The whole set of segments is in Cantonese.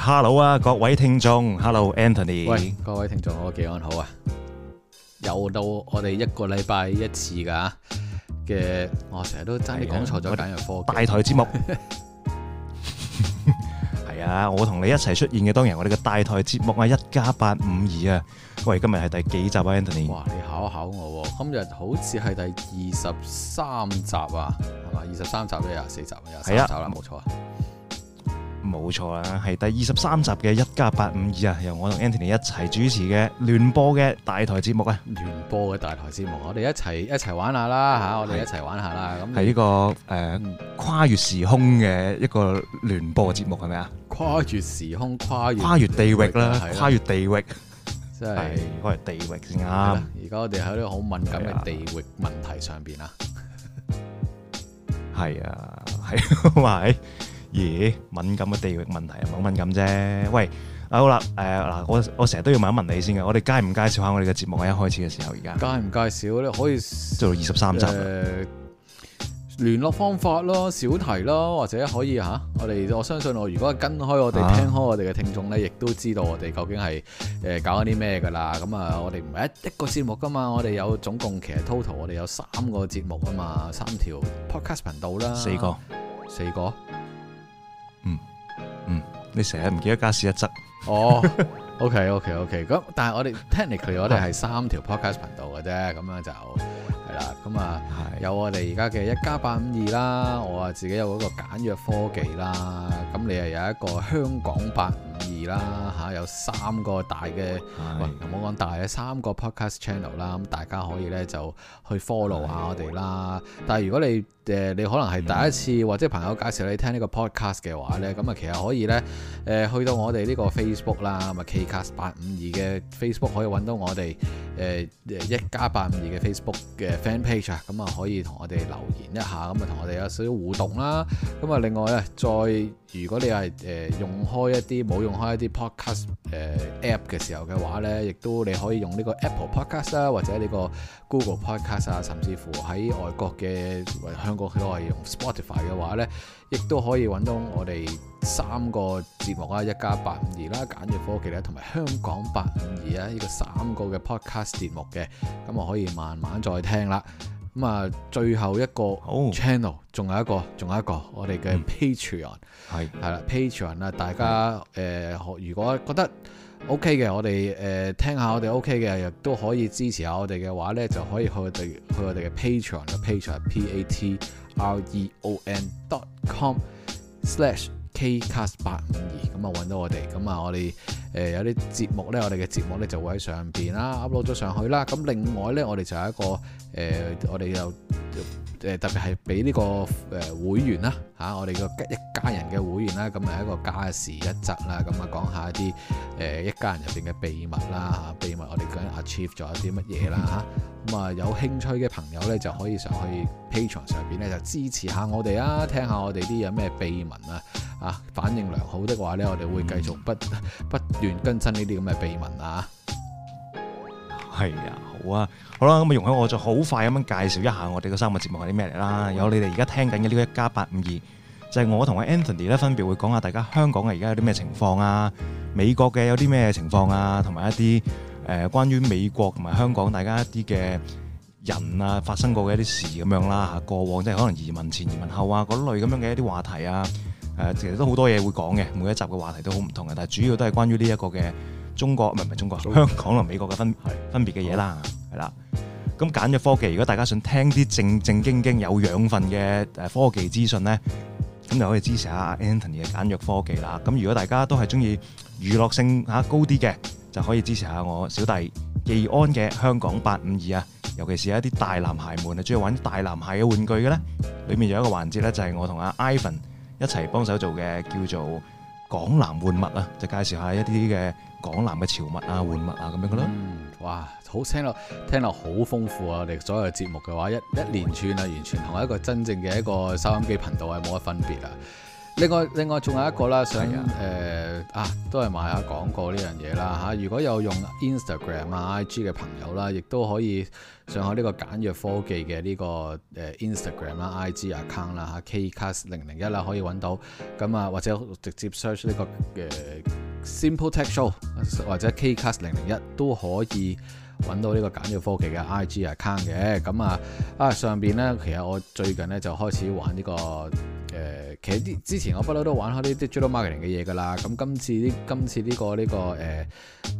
Hello 啊，各位聽眾，Hello Anthony 喂，各位聽眾，我幾安好啊？又到我哋一個禮拜一次噶嘅，我成日都爭啲講錯咗，揀藥科大台節目係啊， 我同你一齊出現嘅，當然我哋嘅大台節目啊，一加八五二啊。52, 喂，今日係第幾集啊，Anthony？哇，你考一考我，今日好似係第二十三集啊，係嘛？二十三集都廿四集，廿三集啦，冇錯啊。冇錯啦，係第二十三集嘅一家852啊，52, 由我同 Anthony 一齊主持嘅聯播嘅大台節目啊！聯播嘅大台節目，我哋一齊一齊玩下啦吓，是我哋一齊玩下啦。咁係呢個誒、呃、跨越時空嘅一個聯播節目係咪啊？跨越時空，跨越跨越地域啦，跨越地域，即係了跨越地域先啱。而家我哋喺呢個好敏感嘅地域問題上邊啊，係啊，係咪？呵呵。咦、欸，敏感嘅地域問題唔係好敏感啫。喂，啊好啦，誒、呃、嗱，我我成日都要問一問你先嘅。我哋介唔介紹下我哋嘅節目？喺一開始嘅時候而家介唔介紹咧，你可以做二十三集誒、呃、聯絡方法咯，小題咯，或者可以嚇、啊、我哋。我相信我如果跟開我哋、啊、聽開我哋嘅聽眾咧，亦都知道我哋究竟係誒、呃、搞緊啲咩噶啦。咁啊，我哋唔係一一個節目噶嘛，我哋有總共其實 total 我哋有三個節目啊嘛，三條 podcast 頻道啦，四個四個。四個嗯，你成日唔記得加四一則哦。 OK OK OK，咁但係我哋 Technically 我哋係三條 podcast 頻道嘅啫，咁樣就係啦。咁啊，係的有我哋而家嘅一家八五二啦，我啊自己有嗰個簡約科技啦。咁你又有一個香講八五二啦，吓、啊、有三個大嘅，唔好講大嘅，三個 podcast channel 啦，咁大家可以咧就去 follow 下我哋啦。的但係如果你你可能係第一次或者朋友介紹你聽呢個 podcast 嘅話呢。咁啊其實可以呢，呃、去到我哋呢個 Facebook 啦，咪 KCast 八五二嘅 Facebook 可以揾到我哋誒一、呃、家八五二嘅 Facebook 嘅 fan page 啊，咁啊可以同我哋留言一下，咁啊同我哋有少少互動啦。咁啊另外呢，再如果你係用開一啲冇用開一啲 podcast、呃、app 嘅時候嘅話呢，亦都你可以用呢個 Apple Podcast 啊，或者呢、呢個。Google Podcast 啊，甚至乎喺外國嘅香港都可以用 Spotify 嘅話呢，亦都可以揾到我哋三個節目啦。一家八五二啦，簡約科技啦，同埋香港八五二啦。呢個三個嘅 podcast 節目嘅，咁、嗯、我可以慢慢再聽啦。咁、嗯、啊，最後一個 channel 仲、oh. 有一個，仲有一個，我哋嘅 Patreon 係係啦 Patreon 啊，大家誒、呃，如果覺得，O K 嘅，我哋誒聽下我哋 O K 嘅，亦都可以支持下我哋嘅話咧，就可以去我哋去我哋嘅 Patreon，Patreon，P A T R E O N dot com slash Kcast 八五二，咁啊揾到我哋，咁啊我哋。誒、呃、有啲節目咧，我哋嘅節目咧就會喺上邊啦，upload 咗上，上去啦。咁另外咧，我哋就係一個誒、呃，我哋又誒特別係俾呢個誒、呃、會員啦，嚇、啊、我哋個一家人嘅會員啦，咁係一個家事一則啦。咁啊講下一啲誒、呃、一家人入邊嘅秘密啦，嚇秘密我哋究竟 achieve 咗一啲乜嘢啦，嚇咁啊，啊有興趣嘅朋友咧就可以上去 Patreon 上邊咧就支持下我哋啊，聽下我哋啲有咩秘密啊，啊反應良好的話咧，我哋會繼續不不，亂更新呢啲咁嘅秘聞啊！係啊，好啊，好啦，啊，咁啊容許我就好快咁樣介紹一下我哋嘅三個節目係啲咩嚟啦。有你哋而家聽緊嘅呢個 52, 一家八五二，就係我同阿 Anthony 咧分別會講下大家香港嘅而家有啲咩情況啊，美國嘅有啲咩情況啊，同埋一啲誒關於美國同埋香港大家一啲嘅人啊發生過嘅一啲事咁樣啦吓，過往即係可能移民前，移民後啊嗰類咁樣嘅一啲話題啊。誒，其實都好多嘢會講嘅，每一集嘅話題都好唔同嘅。但係主要都係關於呢一個嘅中國，唔係唔係中國香港同美國嘅分分別嘅嘢對啦，係啦對。咁簡約科技，如果大家想聽啲正正經經有養分嘅科技資訊咧，咁就可以支持下 Anthony 嘅簡約科技啦。咁如果大家都係中意娛樂性嚇高啲嘅，就可以支持下我小弟技安嘅香港八五二啊。尤其是一啲大男孩們啊，中意玩啲大男孩嘅玩具嘅咧，裏面有一個環節咧，就係我同阿 Ivan。一齊幫手做嘅叫做港南換物啊，就介紹下一啲嘅港南嘅潮物啊、換物啊咁樣嘅咯。哇，好聽落，聽落好豐富啊！我哋所有嘅節目嘅話，一一連串啊，完全同一個真正嘅一個收音機頻道係冇乜分別啊！另外，另外仲有一個啦，上誒啊、呃、啊，都係賣下講過呢樣嘢啦嚇、啊。如果有用 Instagram 啊、IG 嘅朋友啦、啊，亦都可以上開呢個簡約科技嘅呢、這個誒、呃、Instagram 啦、啊、IG account 啦、啊、嚇，Kcast 零零一、啊、啦可以揾到。咁啊，或者直接 search 呢、這個誒、呃、Simple Tech Show 或者 Kcast 零零一都可以揾到呢個簡約科技嘅 IG account 嘅。咁啊啊上邊呢，其實我最近呢，就開始玩呢、這個。誒，其實啲之前我不嬲都玩開呢啲 digital marketing 嘅嘢㗎啦，咁今次呢今次呢、呢個呢、呢個誒誒、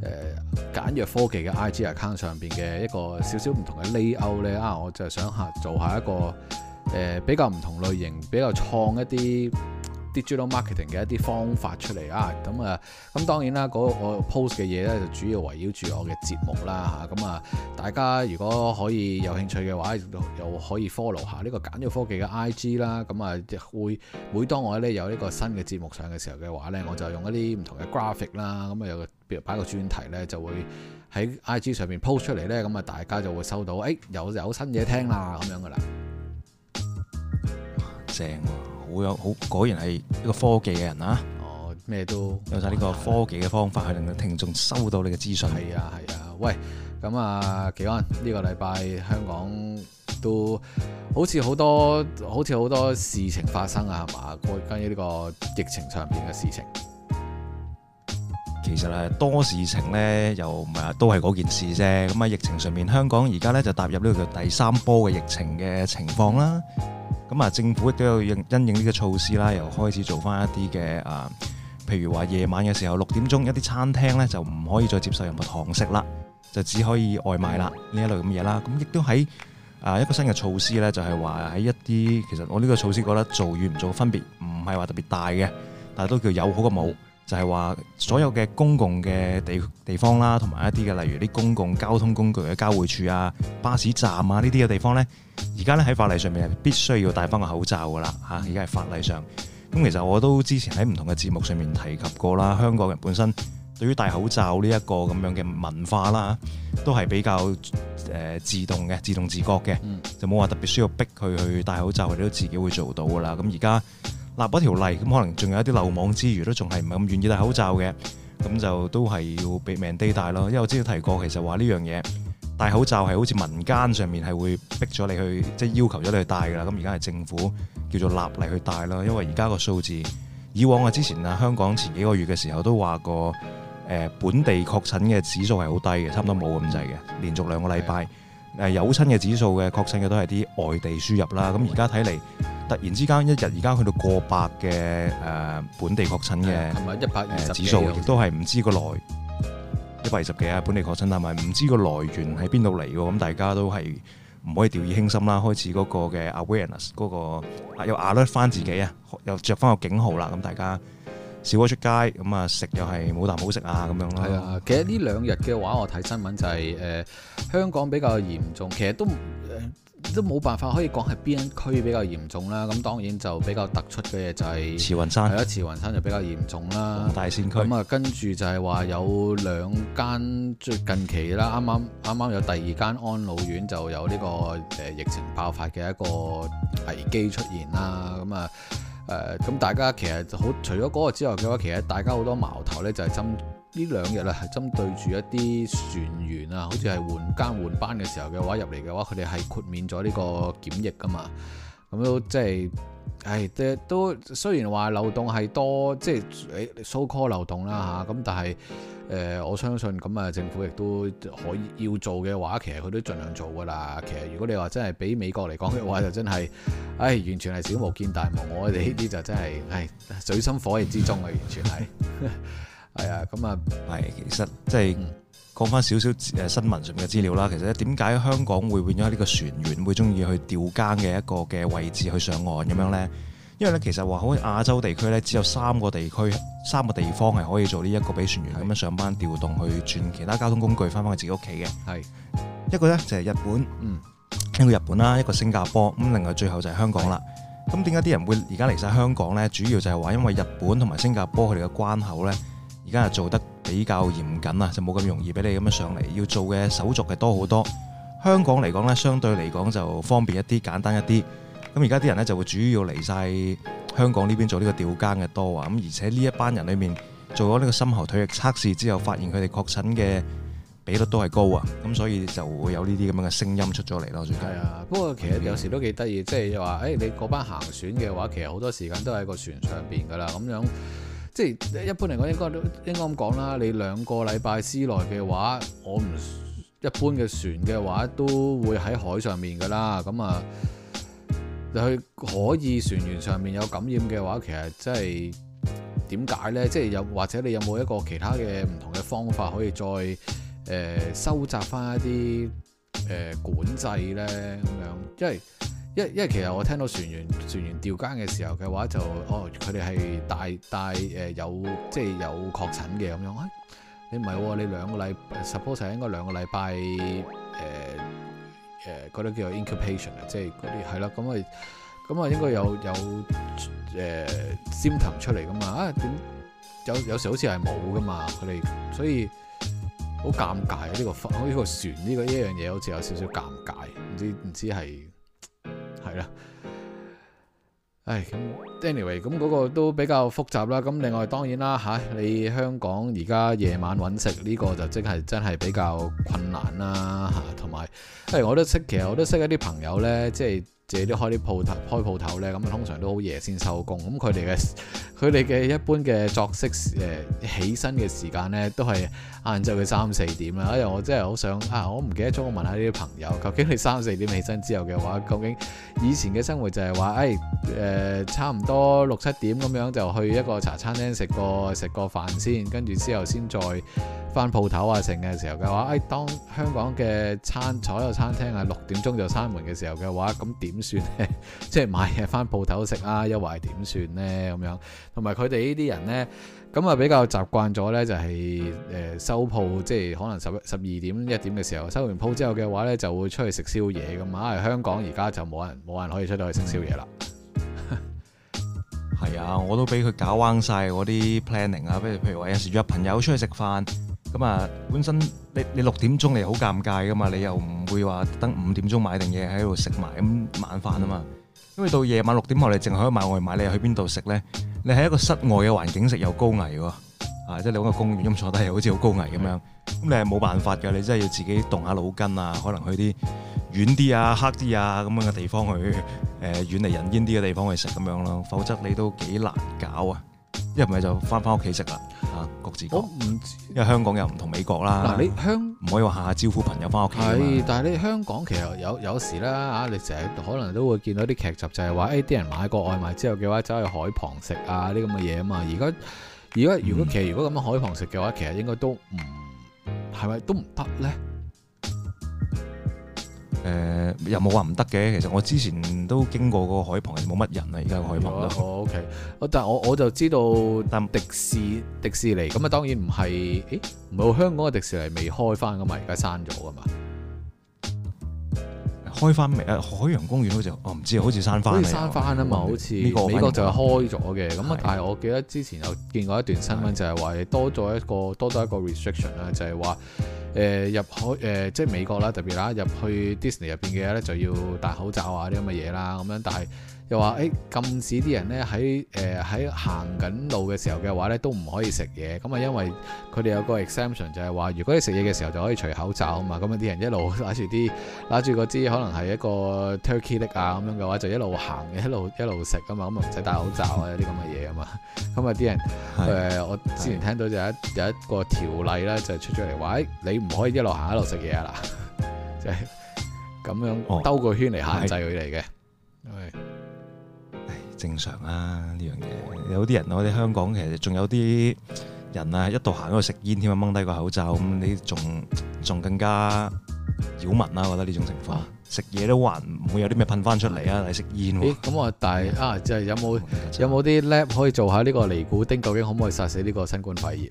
呃、簡約科技嘅 IG account 上邊嘅一個少少唔同嘅 layout 咧，啊，我就係想下做下一個誒、呃、比較唔同類型，比較創一啲。Digital marketing 嘅一啲方法出嚟啊！咁啊，咁當然啦，嗰個 post 嘅嘢咧就主要圍繞住我嘅節目啦嚇。咁啊，大家如果可以有興趣嘅話，又可以 follow 下呢個簡約科技嘅 IG 啦。咁啊，會每當我咧有呢個新嘅節目上嘅時候嘅話咧，我就用一啲唔同嘅 graphic 啦，咁啊，譬如擺個專題咧，就會喺 IG 上面 post 出嚟咧，咁啊，大家就會收到，誒、欸、又有，有新嘢聽啦咁樣嘅啦。正、啊。會有好，果然係一個科技嘅人啊！哦，咩都有晒呢個科技嘅方法去、哦、令到聽眾收到你嘅資訊。係啊，係啊，喂，咁啊，紀安呢、呢個禮拜香港都好似好多，好似好多事情發生啊，係嘛？關於呢個疫情上面嘅事情，其實係多事情咧，又唔係都係嗰件事啫。咁啊，疫情上面，香港而家咧就踏入呢個叫第三波嘅疫情嘅情況啦。咁啊，政府亦都有應因應呢個措施啦，又開始做翻一啲嘅啊，譬如話夜晚嘅時候六點鐘，一啲餐廳咧就唔可以再接受任何堂食啦，就只可以外賣啦呢一類咁嘢啦。咁亦都喺啊一個新嘅措施咧，就係話喺一啲其實我呢個措施覺得做與唔做分別唔係話特別大嘅，但都叫有好過冇。就係話所有嘅公共嘅地地方啦，同埋一啲嘅例如啲公共交通工具嘅交匯處啊、巴士站啊呢啲嘅地方咧，而家咧喺法例上面係必須要戴翻個口罩噶啦嚇，而家係法例上。咁其實我都之前喺唔同嘅節目上面提及過啦，香港人本身對於戴口罩呢一個咁樣嘅文化啦，都係比較誒自動嘅、自動自覺嘅，嗯、就冇話特別需要逼佢去戴口罩，佢都自己會做到噶啦。咁而家。立咗條例，咁可能仲有一啲漏網之魚都仲係唔係咁願意戴口罩嘅，咁就都係要避命地戴咯。因為我之前提過，其實話呢樣嘢戴口罩係好似民間上面係會逼咗你去，即係要求咗你去戴㗎啦。咁而家係政府叫做立例去戴咯。因為而家個數字，以往啊之前啊香港前幾個月嘅時候都話過誒本地確診嘅指數係好低嘅，差唔多冇咁滯嘅，連續兩個禮拜。誒有親嘅指數嘅確診嘅都係啲外地輸入啦，咁而家睇嚟突然之間一日而家去到過百嘅誒本地確診嘅，同埋一百二十指數，亦都係唔知個來一百二十幾啊本地確診係咪唔知個來源喺邊度嚟？咁大家都係唔可以掉以輕心啦，開始嗰個嘅 awareness 嗰個又 alert 翻自己啊，又着翻個警號啦，咁大家。少咗出街，咁啊食又係冇啖好食啊咁樣咯。係啊，其實呢兩日嘅話，我睇新聞就係、是、誒、呃、香港比較嚴重，其實都誒、呃、都冇辦法可以講係邊一區比較嚴重啦。咁當然就比較突出嘅嘢就係、是、慈雲山係咯，慈雲山就比較嚴重啦。黃大仙區咁啊，跟住就係話有兩間最近期啦，啱啱啱啱有第二間安老院就有呢個誒疫情爆發嘅一個危機出現啦。咁啊～誒咁、呃、大家其實好除咗嗰個之外嘅話，其實大家好多矛頭呢就係針呢兩日啦，係針、啊、對住一啲船員啊，好似係換更換班嘅時候嘅話入嚟嘅話，佢哋係豁免咗呢個檢疫㗎嘛。咁都即係，係、哎、都都雖然話漏洞係多，即係搜、哎、call 漏洞啦吓，咁、啊、但係。誒，我相信咁啊，政府亦都可以要做嘅話，其實佢都盡量做㗎啦。其實如果你話真係比美國嚟講嘅話，就真係，誒，完全係小巫見大巫。我哋呢啲就真係係水深火熱之中啊，完全係，係啊，咁啊，係，其實即係講翻少少誒新聞上面嘅資料啦。其實咧，點解香港會變咗呢個船員會中意去調更嘅一個嘅位置去上岸咁樣咧？因為咧，其實話好似亞洲地區咧，只有三個地區，三個地方係可以做呢一個比船員咁樣上班調動去轉其他交通工具翻翻去自己屋企嘅。係一個咧就係日本，嗯、一個日本啦，一個新加坡，咁另外最後就係香港啦。咁點解啲人會而家嚟晒香港咧？主要就係話因為日本同埋新加坡佢哋嘅關口咧，而家係做得比較嚴謹啊，就冇咁容易俾你咁樣上嚟，要做嘅手續係多好多。香港嚟講咧，相對嚟講就方便一啲，簡單一啲。咁而家啲人咧就會主要嚟晒香港呢邊做呢個調更嘅多啊！咁而且呢一班人裏面做咗呢個深喉唾液測試之後，發現佢哋確診嘅比率都係高啊！咁所以就會有呢啲咁樣嘅聲音出咗嚟咯，係啊！不過其實有時都幾得意，即係話誒，你嗰班行船嘅話，其實好多時間都喺個船上邊噶啦。咁樣即係、就是、一般嚟講，應該都應該咁講啦。你兩個禮拜之內嘅話，我唔一般嘅船嘅話，都會喺海上面噶啦。咁啊～佢可以船員上面有感染嘅話，其實即係點解咧？即係、就是、有或者你有冇一個其他嘅唔同嘅方法可以再誒、呃、收集翻一啲誒、呃、管制，咧咁樣即係因為因為其實我聽到船員船員調更嘅時候嘅話就，就哦，佢哋係帶帶誒有即係有確診嘅咁樣樣。哎、你唔係、哦、你兩個禮 suppose 應該兩個禮拜誒。呃誒得啲叫做 incubation 啊，即係嗰啲係啦，咁啊咁啊應該有有誒 symptom 出嚟噶嘛啊，點有有時好似係冇噶嘛，佢哋，所以好尷尬呢、啊呢個呢、呢個船呢、呢個一樣嘢好似有少少尷尬，唔知唔知係係啦。誒 anyway 咁嗰個都比較複雜啦。咁另外，當然啦吓，你香港而家夜晚揾食呢個就即係真係比較困難啦吓，同埋誒，我都識，其實我都識一啲朋友呢，即係。自己都開啲鋪頭，開鋪頭咧，咁通常都好夜先收工。咁佢哋嘅佢哋嘅一般嘅作息，誒、呃、起身嘅時間呢，都係晏晝嘅三四點啦。哎呀，我真係好想啊！我唔記得咗，我問下呢啲朋友，究竟你三四點起身之後嘅話，究竟以前嘅生活就係話，誒、哎、誒、呃、差唔多六七點咁樣就去一個茶餐廳食個食個飯先，跟住之後先再返鋪頭啊，成嘅時候嘅話，誒、哎、當香港嘅餐坐喺個餐廳啊，六點鐘就閂門嘅時候嘅話，咁點？點算咧？即係買嘢翻鋪頭食啊，又或者點算呢？咁、就是、樣，同埋佢哋呢啲人呢，咁啊比較習慣咗呢，就係誒收鋪，即係可能十一、十二點一點嘅時候收完鋪之後嘅話呢，就會出去食宵夜咁啊！香港而家就冇人冇人可以出到去食宵夜啦。係 啊，我都俾佢搞暈晒我啲 planning 啊，譬如譬如話有時約朋友出去食飯。咁啊，本身你你六點鐘你好尷尬噶嘛，你又唔會話等五點鐘買定嘢喺度食埋咁晚飯啊嘛。因為到夜晚六點後，你淨可以買外賣，你去邊度食咧？你喺一個室外嘅環境食又高危喎，啊，即係你喺個公園咁坐低，又好似好高危咁樣。咁的你係冇辦法㗎，你真係要自己動下腦筋啊，可能去啲遠啲啊、黑啲啊咁樣嘅地方去，誒遠離人煙啲嘅地方去食咁樣咯。否則你都幾難搞啊！一唔係就翻翻屋企食啦，嚇各自各。唔知，因為香港又唔同美國啦。嗱你，你香唔可以話下下招呼朋友翻屋企。係，但係你香港其實有有時咧嚇，你成日可能都會見到啲劇集就係話，就係話誒啲人買過外賣之後嘅話，走去海旁食啊啲咁嘅嘢啊嘛。而家而家如果其實如果咁樣海旁食嘅話，其實應該都唔，係咪都唔得咧？誒、呃，又冇話唔得嘅，其實我之前都經過嗰個海旁，冇乜人啊。而家吧海旁都、哦、OK，但係我我就知道，但迪士尼，欸，迪士尼咁啊，當然唔係，誒，唔係香港嘅迪士尼未開翻噶嘛，而家閂咗噶嘛，開翻未？誒，海洋公園好似，我、哦、唔知，好似閂翻，好似閂翻啊嘛，好似像像美國就開咗嘅。咁啊的，但係我記得之前有見過一段新聞的，就係話多咗一個多咗一個 restriction 啦，就係話。誒、呃、入去誒、呃、即係美國啦，特別啦，入去 Disney 入面嘅咧就要戴口罩啊啲咁嘅嘢啦，咁樣，但係。又話誒、欸、禁止啲人咧喺喺行緊路嘅時候嘅話咧都唔可以食嘢咁啊，因為佢哋有個 exception 就係話，如果你食嘢嘅時候就可以除口罩啊嘛。咁啊，啲人一路攞住啲攞住嗰支可能係一個 turkey leg 啊咁樣嘅話，就一路行一路一路食啊嘛，咁啊唔使戴口罩啊啲咁嘅嘢啊嘛。咁啊啲人的、呃、我之前聽到有一的有一個條例咧就是、出出嚟話誒，你唔可以一路行一路食嘢啊就係、是、咁樣兜個圈嚟限制佢哋嚟嘅。正常啦，呢樣嘢有啲人我哋香港其實仲有啲人啊，一路行喺度食煙添啊，掹低個口罩咁，你仲仲更加擾民啦！我覺得呢種情況食嘢都還唔會有啲咩噴翻出嚟啊，你食煙咦？咁啊，但係啊，即係有冇有冇啲 lab 可以做下呢個尼古丁究竟可唔可以殺死呢個新冠肺炎？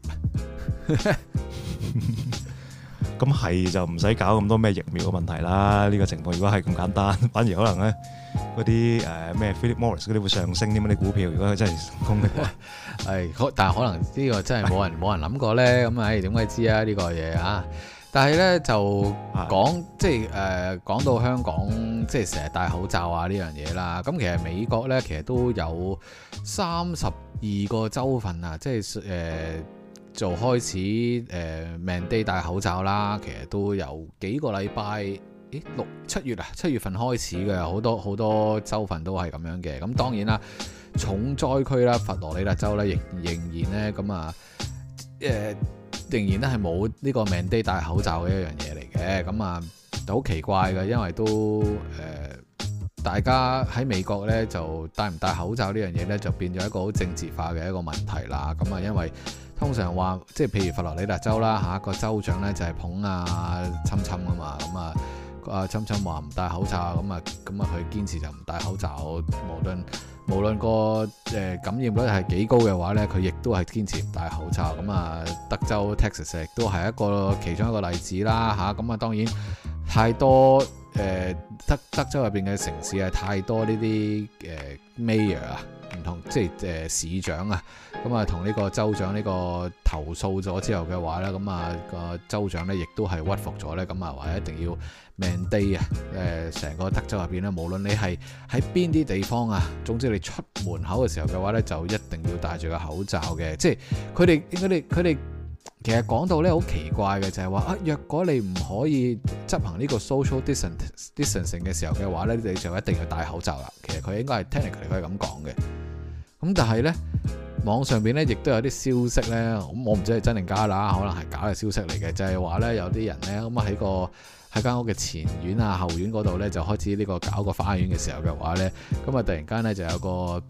咁係就唔使搞咁多咩疫苗嘅問題啦。呢個情況如果係咁簡單，反而可能咧。嗰啲誒咩 Philip Morris 嗰啲會上升啲咁啲股票，如果佢真係成功，嘅，可，但係可能呢個真係冇人冇 人諗過咧。咁誒點解知啊？呢、呢個嘢啊，但係咧就講 即係誒、呃、講到香港即係成日戴口罩啊呢樣嘢啦。咁其實美國咧其實都有三十二個州份啊，即係誒就開始誒、呃、mandate 戴口罩啦。其實都有幾個禮拜。六七月啊，七月份開始嘅好多好多州份都係咁樣嘅。咁當然啦，重災區啦，佛羅里達州咧，仍然呢、呃、仍然咧咁啊，誒仍然咧係冇呢個 mandate 戴口罩嘅一樣嘢嚟嘅。咁啊，好奇怪嘅，因為都誒、呃，大家喺美國咧就戴唔戴口罩呢樣嘢咧，就變咗一個好政治化嘅一個問題啦。咁啊，因為通常話即係譬如佛羅里達州啦嚇，下一個州長咧就係、是、捧啊侵侵啊嘛，咁啊。啊，侵侵話唔戴口罩咁啊，咁啊佢堅持就唔戴口罩，無論無論個誒感染率係幾高嘅話咧，佢亦都係堅持唔戴口罩。咁啊，德州 Texas 亦都係一個其中一個例子啦，吓，咁啊，當然太多誒德、呃、德州入邊嘅城市啊，太多呢啲誒 mayor 啊，唔、呃、同即係誒、呃、市長啊，咁啊同呢個州長呢個投訴咗之後嘅話咧，咁啊個州長咧亦都係屈服咗咧，咁啊話一定要。命地啊！誒，成個德州入邊咧，無論你係喺邊啲地方啊，總之你出門口嘅時候嘅話咧，就一定要戴住個口罩嘅。即係佢哋，佢哋，佢哋，其實講到咧好奇怪嘅，就係、是、話啊，若果你唔可以執行呢個 social distance distance 嘅時候嘅話咧，你就一定要戴口罩啦。其實佢應該係 technical 係咁講嘅。咁但係咧。網上邊咧，亦都有啲消息咧，咁我唔知係真定假啦，可能係假嘅消息嚟嘅，就係話咧，有啲人咧，咁啊喺個喺間屋嘅前院啊後院嗰度咧，就開始呢個搞個花園嘅時候嘅話咧，咁啊突然間咧就有個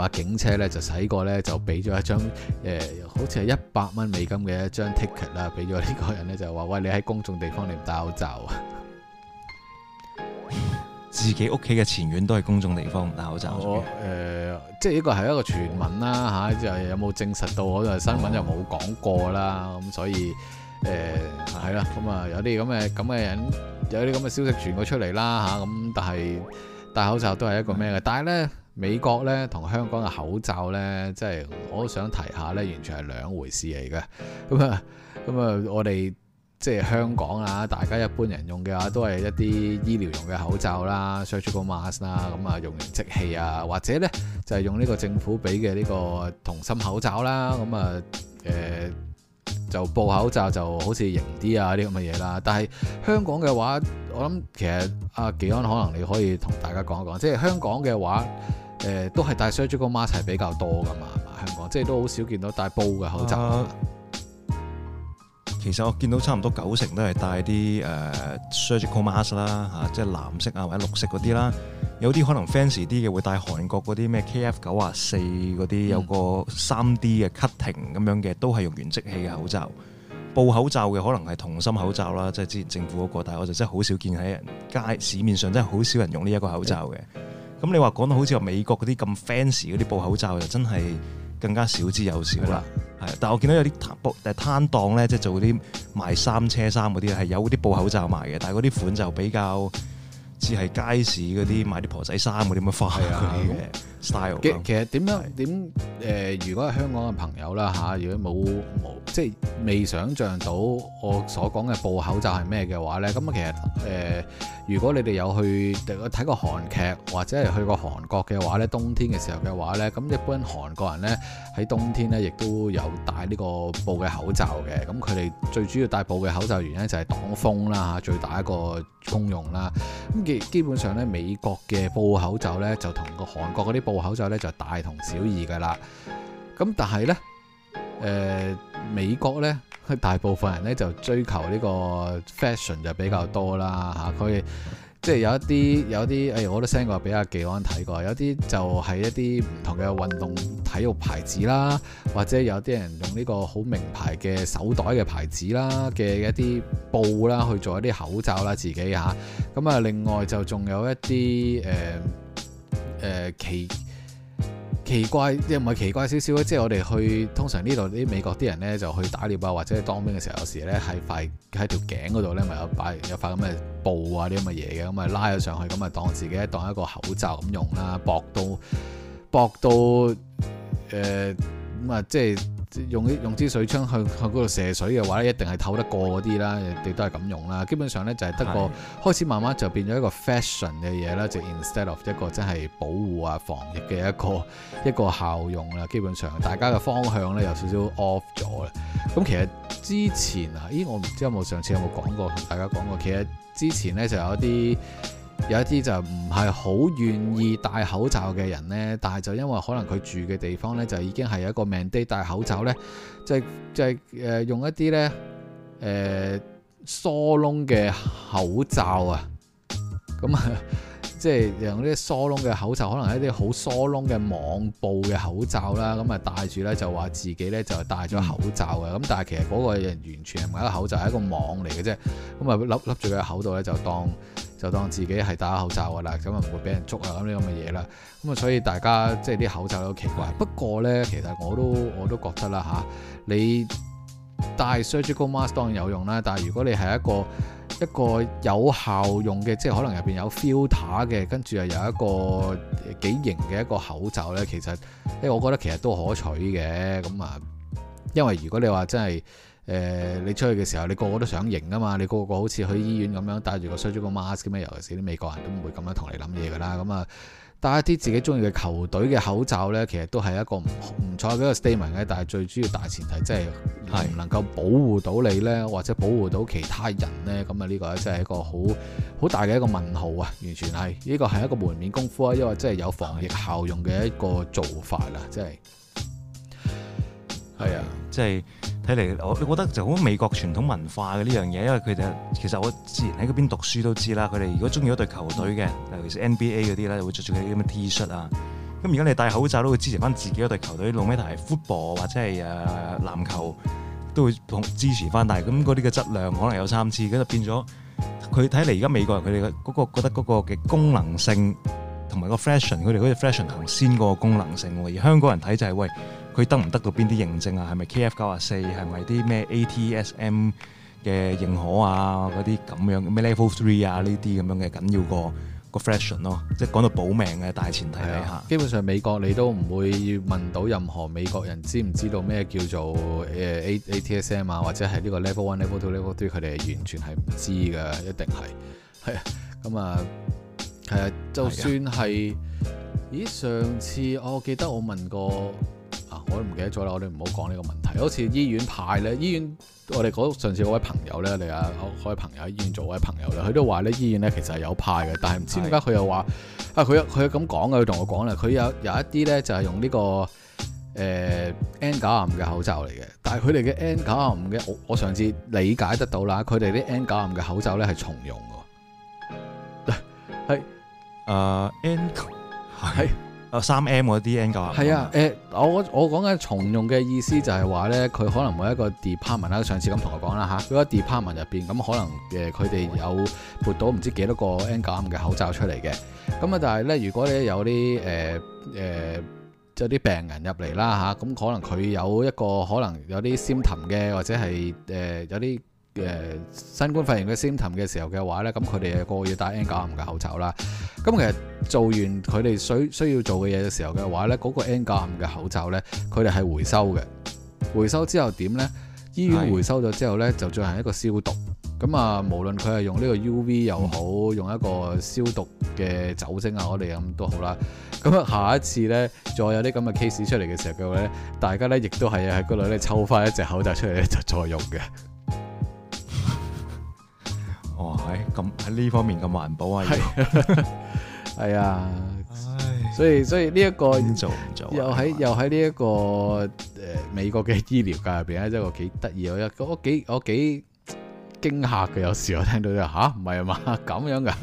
話警車咧就駛過咧，就俾咗一張誒、呃、好似係一百蚊美金嘅一張 ticket 啦，俾咗呢個人咧就話：喂，你喺公眾地方你唔戴口罩啊！自己屋企嘅前院都係公眾地方，唔戴口罩。我、呃、即係呢個係一個傳聞啦，嚇、啊，就有冇證實到我？我就新聞又冇講過啦，咁、哦、所以誒係啦，咁、呃、啊有啲咁嘅咁嘅人，有啲咁嘅消息傳過出嚟啦，嚇、啊、咁，但係戴口罩都係一個咩嘅？的但係咧，美國咧同香港嘅口罩咧，即係我都想提下咧，完全係兩回事嚟嘅。咁啊，咁啊，我哋。即係香港啊！大家一般人用嘅話，都係一啲醫療用嘅口罩啦 surgical mask 啦，咁啊用完即棄啊，或者呢就係、是、用呢個政府俾嘅呢個同心口罩啦，咁啊誒就布口罩就好似型啲啊啲咁嘅嘢啦。但係香港嘅話，我諗其實阿紀、啊、安可能你可以同大家講一講，即係香港嘅話誒、呃、都係戴 surgical mask 係比較多噶嘛，香港即係、就是、都好少見到戴布嘅口罩、uh。Huh. 其實我見到差唔多九成都係戴啲誒 surgical mask 啦，嚇，即係藍色啊或者綠色嗰啲啦。有啲可能 fancy 啲嘅會戴韓國嗰啲咩 KF 九啊四嗰啲，嗯、有個三 D 嘅 cutting 咁樣嘅，都係用完即棄嘅口罩。嗯、布口罩嘅可能係銅芯口罩啦，即係之前政府嗰、嗰個，但係我就真係好少見喺街市面上真係好少人用呢一個口罩嘅。咁是的 你話講到好似話美國嗰啲咁 fancy 嗰啲布口罩就真係更加少之又少啦。係，但係我見到有啲攤布誒攤檔咧，即係做啲賣衫、車衫嗰啲咧，係有嗰啲布口罩賣嘅，但係嗰啲款就比較似係街市嗰啲賣啲婆仔衫嗰啲咁樣花嗰啲嘅。的 style 其其實點樣點誒，如果係香港嘅朋友啦吓，如果冇冇即係未想象到我所講嘅布口罩係咩嘅話咧，咁啊其實誒、呃，如果你哋有去睇過韓劇或者係去過韓國嘅話咧，冬天嘅時候嘅話咧，咁一般韓國人咧喺冬天咧亦都有戴呢個布嘅口罩嘅。咁佢哋最主要戴布嘅口罩原因就係擋風啦吓，最大一個功用啦。咁基基本上咧，美國嘅布口罩咧就同個韓國嗰啲布口罩咧就大同小異噶啦，咁但係咧，誒、呃，美國咧，大部分人咧就追求呢個 fashion 就比較多啦，吓、啊，佢即係有一啲，有啲，哎、欸，我都 send 過俾阿技安睇過，有啲就係一啲唔同嘅運動體育牌子啦，或者有啲人用呢個好名牌嘅手袋嘅牌子啦，嘅一啲布啦去做一啲口罩啦，自己吓，咁啊，啊，另外就仲有一啲，誒、呃。誒、呃、奇奇怪，又唔係奇怪少少咧，即係我哋去通常呢度啲美國啲人咧就去打獵啊，或者係當兵嘅時候有時呢在一在一呢，有時咧係塊喺條頸嗰度咧，咪有擺有塊咁嘅布啊啲咁嘅嘢嘅，咁咪拉咗上去，咁咪當自己當一個口罩咁用啦、啊，薄到薄到誒。咁啊、嗯，即係用用支水槍去去嗰度射水嘅話咧，一定係透得過嗰啲啦。亦都係咁用啦。基本上咧就係、是、得個的開始，慢慢就變咗一個 fashion 嘅嘢啦，就係 instead of 一個真係保護啊防疫嘅一個一個效用啦。基本上大家嘅方向咧有少少 off 咗啦。咁其實之前啊，咦，我唔知有冇上次有冇講過同大家講過。其實之前咧就有一啲。有一啲就唔係好願意戴口罩嘅人呢，但係就因為可能佢住嘅地方呢，就已經係有一個 mandate 戴口罩呢，即係即係用一啲呢誒疏、呃、窿嘅口罩啊，咁啊即係用啲疏窿嘅口罩，可能係一啲好疏窿嘅網布嘅口罩啦，咁啊戴住呢就話自己呢，就戴咗口罩嘅，咁但係其實嗰個人完全唔係一個口罩，係一個網嚟嘅啫，咁啊笠笠住佢個口度呢，就當。就當自己係戴口罩嘅啦，咁啊唔會俾人捉啊咁呢咁嘅嘢啦。咁啊，所以大家即係啲口罩都奇怪。不過呢，其實我都我都覺得啦吓，啊，你戴 surgical mask 當然有用啦。但係如果你係一個一個有效用嘅，即係可能入邊有 filter 嘅，跟住又有一個幾型嘅一個口罩呢。其實誒，我覺得其實都可取嘅。咁啊，因為如果你話真係。誒、呃，你出去嘅時候，你個個都想型啊嘛！你個個,個好似去醫院咁樣戴住個、攞住個 mask 咩？尤其是啲美國人都唔會咁樣同你諗嘢噶啦。咁、嗯、啊，戴一啲自己鍾意嘅球隊嘅口罩呢，其實都係一個唔唔錯嘅一個 statement 但係最主要大前提，即係係唔能夠保護到你呢，或者保護到其他人呢。咁、嗯、啊，呢、這個真係一個好好大嘅一個問號啊！完全係呢、這個係一個門面功夫啊，因為真係有防疫效用嘅一個做法啦，即係係啊，即係。睇嚟我覺得就好美國傳統文化嘅呢樣嘢，因為佢哋其實我之前喺嗰邊讀書都知啦，佢哋如果中意一隊球隊嘅，尤其是 NBA 嗰啲咧，就會著住嗰啲咁嘅 T 恤啊。咁而家你戴口罩都會支持翻自己一隊球隊，無論係 Football 或者係誒籃球都會支持翻。但係咁嗰啲嘅質量可能有參差，咁就變咗佢睇嚟而家美國人佢哋嘅嗰個覺得嗰、嗰個嘅功能性同埋個 fashion，佢哋好似 fashion 行先嗰個功能性，而香港人睇就係、是、喂。佢得唔得到邊啲認證啊？係咪 KF94？係咪啲咩 A T S M 嘅認可啊？嗰啲咁樣咩 Level Three 啊？呢啲咁樣嘅緊要個個 fashion 咯，即係講到保命嘅大前提啦。嚇，基本上美國你都唔會問到任何美國人知唔知道咩叫做誒 A A T S M 啊，或者係呢個 Level One、Level Two、Level Three，佢哋完全係唔知㗎，一定係係咁啊。係啊，就算係咦，上次我記得我問過。我都唔記得咗啦，我哋唔好講呢個問題。好似醫院派咧，醫院我哋嗰上次嗰位朋友咧，你啊嗰位朋友喺醫院做位朋友咧，佢都話咧醫院咧其實係有派嘅，但係唔知點解佢又話的啊佢佢咁講嘅，佢同我講咧，佢有有一啲咧就係用呢、呢個誒、呃、N 九十五嘅口罩嚟嘅，但係佢哋嘅 N 九十五嘅，我我上次理解得到啦，佢哋啲 N 九十五嘅口罩咧係重用嘅。係啊，N 係。Uh, Ent 三 M 嗰啲 N 九啊，係啊，誒，我我講緊重用嘅意思就係話咧，佢可能每一個 department 啦，上次咁同我講啦嚇，如果 department 入邊咁可能誒，佢哋有撥到唔知幾多個 N 九五嘅口罩出嚟嘅，咁啊，但係咧，如果你有啲誒誒，有、呃、啲、呃、病人入嚟啦嚇，咁可能佢有一個可能有啲 symptom 嘅，或者係誒有啲。誒新冠肺炎嘅 symptom 嘅時候嘅話咧，咁佢哋個個要戴 N95 嘅口罩啦。咁其實做完佢哋需需要做嘅嘢嘅時候嘅話咧，嗰、嗰個 N95 嘅口罩咧，佢哋係回收嘅。回收之後點咧？醫院回收咗之後咧，就進行一個消毒。咁啊是，無論佢係用呢個 UV 又好，嗯、用一個消毒嘅酒精啊，我哋咁都好啦。咁啊，下一次咧，再有啲咁嘅 case 出嚟嘅時候嘅話咧，大家咧亦都係喺嗰度咧抽翻一隻口罩出嚟咧，就再用嘅。咁喺呢方面咁環保啊？係啊，係、啊、所以所以呢、這個呃、一個又喺又喺呢一個誒美國嘅醫療界入邊咧，一個幾得意，我一我幾我幾驚吓嘅，有時我聽到就吓，唔係啊嘛咁樣噶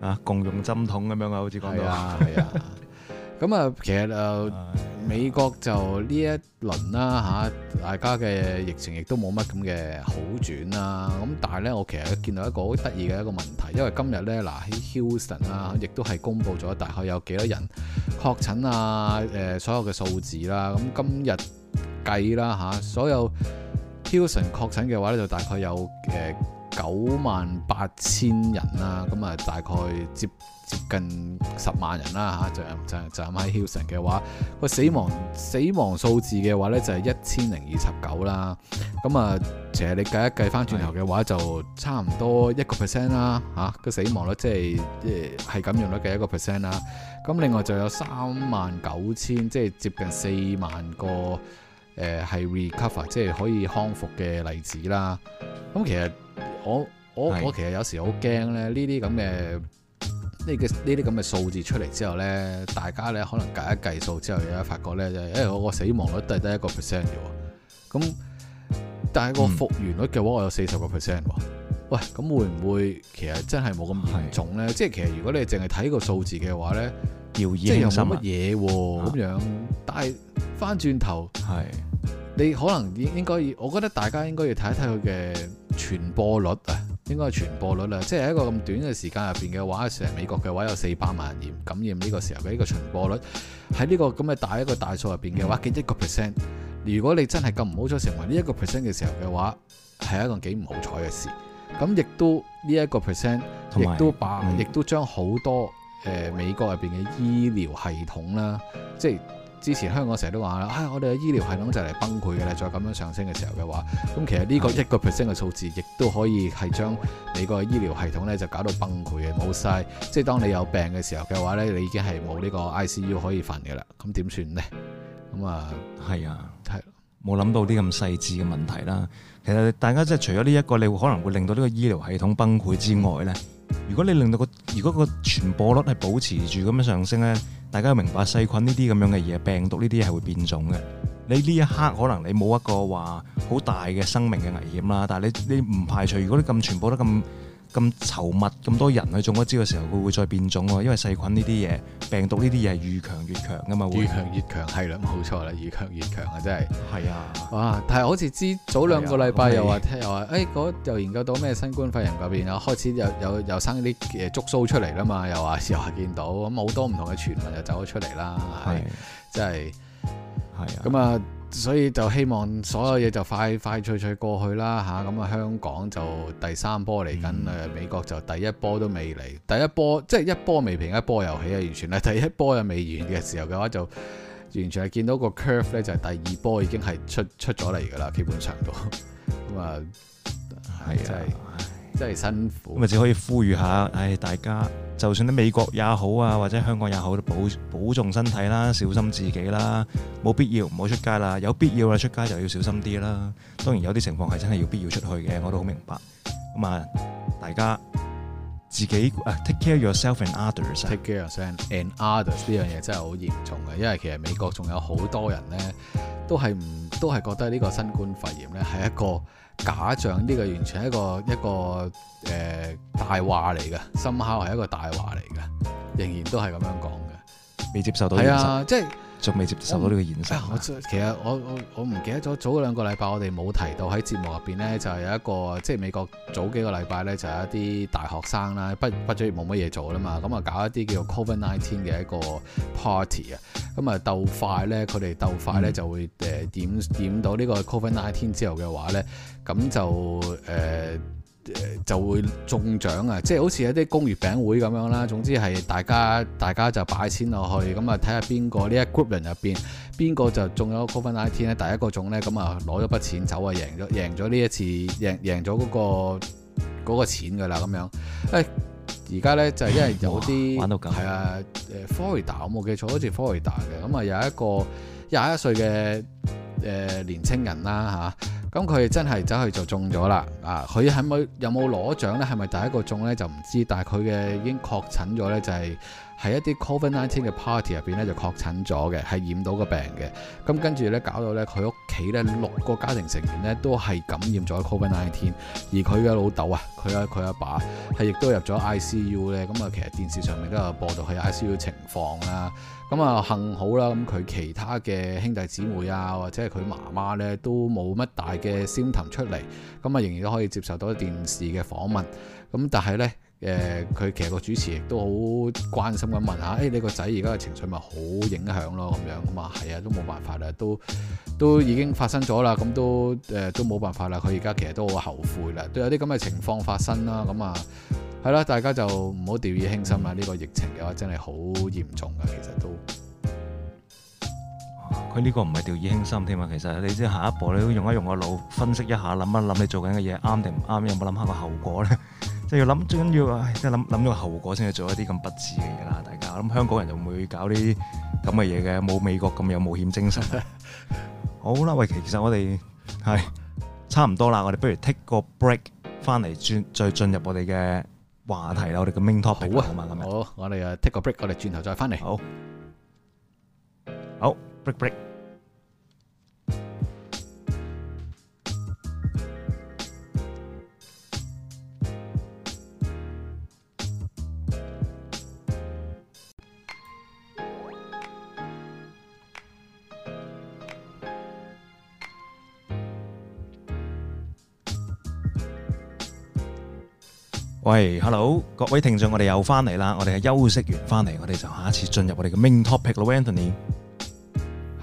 啊，共用針筒咁樣啊，好似講到係啊，係啊。咁啊，其實啊，美國就呢一輪啦嚇，大家嘅疫情亦都冇乜咁嘅好轉啦。咁但係咧，我其實見到一個好得意嘅一個問題，因為今日咧嗱喺 Houston 啊，亦都係公布咗大概有幾多人確診啊，誒所有嘅數字啦。咁今日計啦嚇，所有 Houston 確診嘅話咧，就大概有誒九萬八千人啦。咁啊，大概接，接近十萬人啦嚇，就就就咁喺 Hilton 嘅話，個死亡死亡數字嘅話咧就係一千零二十九啦。咁啊，其實你計一計翻轉頭嘅話，就差唔多一個 percent 啦嚇，個是的 死亡率即係即係係咁樣咯，計一個 percent 啦。咁另外就有三萬九千，即係接近四萬個誒，係、呃、recover 即係可以康復嘅例子啦。咁其實我我是的 我其實有時好驚咧，呢啲咁嘅。呢啲咁嘅數字出嚟之後咧，大家咧可能計一計數之後，而家發覺咧就，誒、哎、我個死亡率都係得一個 percent 啫喎。咁但係個復原率嘅話，我有四十個 percent 喎。嗯、喂，咁會唔會其實真係冇咁嚴重咧？是的 即係其實如果你淨係睇個數字嘅話咧，謠言、啊、即係有乜嘢咁樣？但係翻轉頭，係是的 你可能應應該，我覺得大家應該要睇一睇佢嘅傳播率啊。應該係傳播率啦，即係喺一個咁短嘅時間入邊嘅話，成日美國嘅話有四百萬人感染呢個時候嘅一、這個傳播率，喺呢個咁嘅大一個大數入邊嘅話，嗯、1 幾一個 percent。如果你真係咁唔好彩成為呢一個 percent 嘅時候嘅話，係一個幾唔好彩嘅事。咁亦都呢一個 percent，亦都把亦、嗯、都將好多誒、呃、美國入邊嘅醫療系統啦，即係。之前香港成日都話啦，啊、哎，我哋嘅醫，醫療系統就嚟崩潰嘅啦，再咁樣上升嘅時候嘅話，咁其實呢個一個 percent 嘅數字，亦都可以係將你個醫療系統咧就搞到崩潰嘅，冇晒，即係當你有病嘅時候嘅話咧，你已經係冇呢個 ICU 可以瞓嘅啦，咁點算呢？咁啊，係啊，係是，冇諗到啲咁細緻嘅問題啦。其實大家即係除咗呢一個，你可能會令到呢個醫療系統崩潰之外咧。如果你令到個，如果個傳播率係保持住咁樣上升咧，大家要明白細菌呢啲咁樣嘅嘢，病毒呢啲係會變種嘅。你呢一刻可能你冇一個話好大嘅生命嘅危險啦，但係你，你唔排除，如果你咁傳播得咁。咁稠密咁多人去種咗之嘅時候，佢會再變種喎，因為細菌呢啲嘢、對病毒呢啲嘢係愈強愈強噶嘛，強越強越強，係啦，冇錯啦，越強越強啊，真係，係啊，哇！但係好似知早兩個禮拜又話聽、啊、又話，誒、哎，那個、又研究到咩新冠肺炎個變，又開始有有有生啲誒竹蘇出嚟啦嘛，又話又話見到咁好多唔同嘅傳聞又走咗出嚟啦，係是，真係，係啊，咁啊。所以就希望所有嘢就快快脆脆過去啦吓，咁啊、嗯、香港就第三波嚟緊，嗯、美國就第一波都未嚟，第一波即係一波未平一波又起啊！完全係第一波又未完嘅時候嘅話，就完全係見到個 curve 咧，就係、是、第二波已經係出出咗嚟噶啦，基本上都咁啊，係啊。真係辛苦，咪只可以呼籲下，唉、哎，大家就算喺美國也好啊，或者香港也好，都保保重身體啦，小心自己啦，冇必要唔好出街啦，有必要啦，出街就要小心啲啦。當然有啲情況係真係要必要出去嘅，我都好明白。咁啊，大家自己啊，uh，take care yourself and others，take care yourself and others 呢樣嘢真係好嚴重嘅，因為其實美國仲有好多人咧，都係唔都係覺得呢個新冠肺炎咧係一個。假象呢、呢個完全係一個一個誒大、呃、話嚟嘅，深刻係一個大話嚟嘅，仍然都係咁樣講嘅，未接受到現實。仲未接受到呢個現實。其實我我我唔記得咗早嗰兩個禮拜我哋冇提到喺節目入邊咧，就係、是、有一個即係、就是、美國早幾個禮拜咧，就有一啲大學生啦，畢畢咗業冇乜嘢做啦嘛，咁啊搞一啲叫做 Covid Nineteen 嘅一個 party 啊，咁啊鬥快咧，佢哋鬥快咧就會誒點點到呢個 Covid Nineteen 之後嘅話咧，咁就誒。呃就會中獎啊！即、就、係、是、好似一啲公魚餅會咁樣啦。總之係大家，大家就擺錢落去，咁啊睇下邊個呢一 group 人入邊邊個就中咗 c o v i n t 9 t 咧。19, 第一個中咧，咁啊攞咗筆錢走啊，贏咗咗呢一次，贏贏咗嗰、那個嗰、那個、錢噶啦咁樣。而家咧就係、是、因為有啲，係啊、呃、f o r i d a 我冇記錯，好似 f o r i d a 嘅咁啊，有一個廿一歲嘅誒、呃、年青人啦、啊咁佢真係走去就中咗啦啊！佢係咪有冇攞獎呢？係咪第一個中呢？就唔知，但係佢嘅已經確診咗呢、就係，就係。喺一啲 Covid19 嘅 party 入邊咧就確診咗嘅，係染到個病嘅。咁跟住咧搞到咧佢屋企咧六個家庭成員咧都係感染咗 Covid19，而佢嘅老豆啊，佢啊佢阿爸係亦都入咗 ICU 咧。咁啊，其實電視上面都有播到佢 ICU 情況啦。咁啊，幸好啦，咁佢其他嘅兄弟姊妹啊或者係佢媽媽咧都冇乜大嘅 symptom 出嚟。咁啊，仍然都可以接受到電視嘅訪問。咁但係咧。誒，佢、呃、其實個主持亦都好關心咁問下，誒、哎，你個仔而家嘅情緒咪好影響咯，咁樣咁啊，係啊，都冇辦法啦，都都已經發生咗啦，咁都誒、呃、都冇辦法啦，佢而家其實都好後悔啦，都有啲咁嘅情況發生啦，咁啊，係啦，大家就唔好掉以輕心啦，呢、嗯、個疫情嘅話真係好嚴重噶，其實都，佢呢個唔係掉以輕心添啊，其實你知下一步你都用一用個腦分析一下，諗一諗你做緊嘅嘢，啱定唔啱，有冇諗下個後果咧？就要諗，最緊要啊，即係諗諗咗後果先去做一啲咁不智嘅嘢啦。大家，我諗香港人就唔會搞呢啲咁嘅嘢嘅，冇美國咁有冒險精神。好啦，喂，其實我哋係差唔多啦，我哋不如 take 個 break 翻嚟轉，再進入我哋嘅話題啦。我哋嘅 main topic 好啊嘛，好，我哋啊 take 個 break，我哋轉頭再翻嚟，好，好 break break。喂，Hello，各位聽眾，我哋又翻嚟啦，我哋係休息完翻嚟，我哋就下一次進入我哋嘅 main topic 啦，Anthony。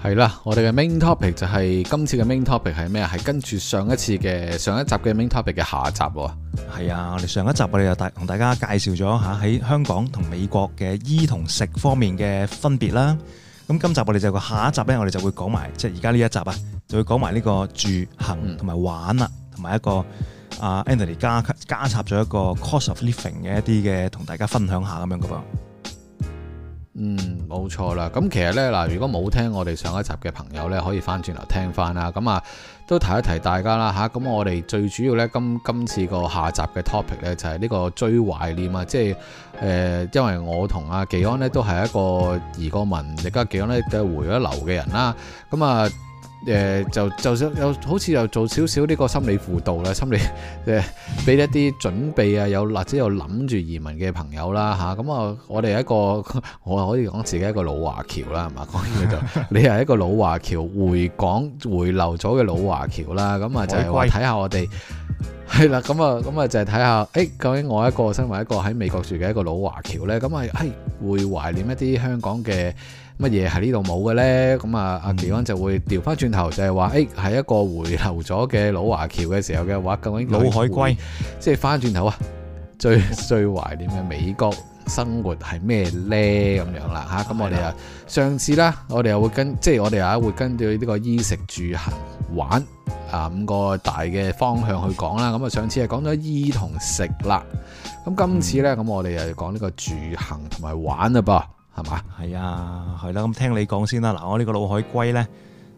係啦，我哋嘅 main topic 就係、是、今次嘅 main topic 係咩啊？係跟住上一次嘅上一集嘅 main topic 嘅下一集喎。係啊，我哋上一集我哋又同大家介紹咗下喺香港同美國嘅衣同食方面嘅分別啦。咁今集我哋就下一集呢，我哋就會講埋即係而家呢一集啊，就會講埋呢個住行同埋玩啊，同埋、嗯、一個。阿 Anthony 加加插咗一個 cost of living 嘅一啲嘅，同大家分享一下咁樣嘅噃。嗯，冇錯啦。咁其實呢，嗱，如果冇聽我哋上一集嘅朋友呢，可以翻轉頭聽翻啦。咁啊，都提一提大家啦吓，咁、啊、我哋最主要呢，今今次個下集嘅 topic 呢，就係、是、呢個最懷念啊。即係誒，因為我同阿技安呢，都係一個移個民，而家技安呢，都係回咗流嘅人啦。咁啊～誒、呃、就就想有好似又做少少呢個心理輔導啦，心理誒俾、呃、一啲準備啊，有或者有諗住移民嘅朋友啦嚇，咁啊，啊我哋一個我可以講自己一個老華僑啦，係嘛講你係一個老華僑回港回流咗嘅老華僑啦，咁啊就係睇下我哋係啦，咁啊咁啊就係睇下，誒、欸、究竟我一個身為一個喺美國住嘅一個老華僑呢，咁啊係會懷念一啲香港嘅。乜嘢係呢度冇嘅呢？咁啊，阿傑安就會調翻轉頭，就係、是、話，哎、欸，係一個回流咗嘅老華僑嘅時候嘅話，究竟老海歸即係翻轉頭啊，最 最懷念嘅美國生活係咩呢？咁樣啦，咁我哋啊的上次啦，我哋又會跟，即、就、係、是、我哋啊會跟住呢個衣食住行玩啊五個大嘅方向去講啦。咁啊上次係講咗衣同食啦，咁今次呢，咁、嗯、我哋又講呢個住行同埋玩啦噃。係嘛？係啊，係啦、啊。咁聽你講先啦。嗱，我呢個老海歸咧，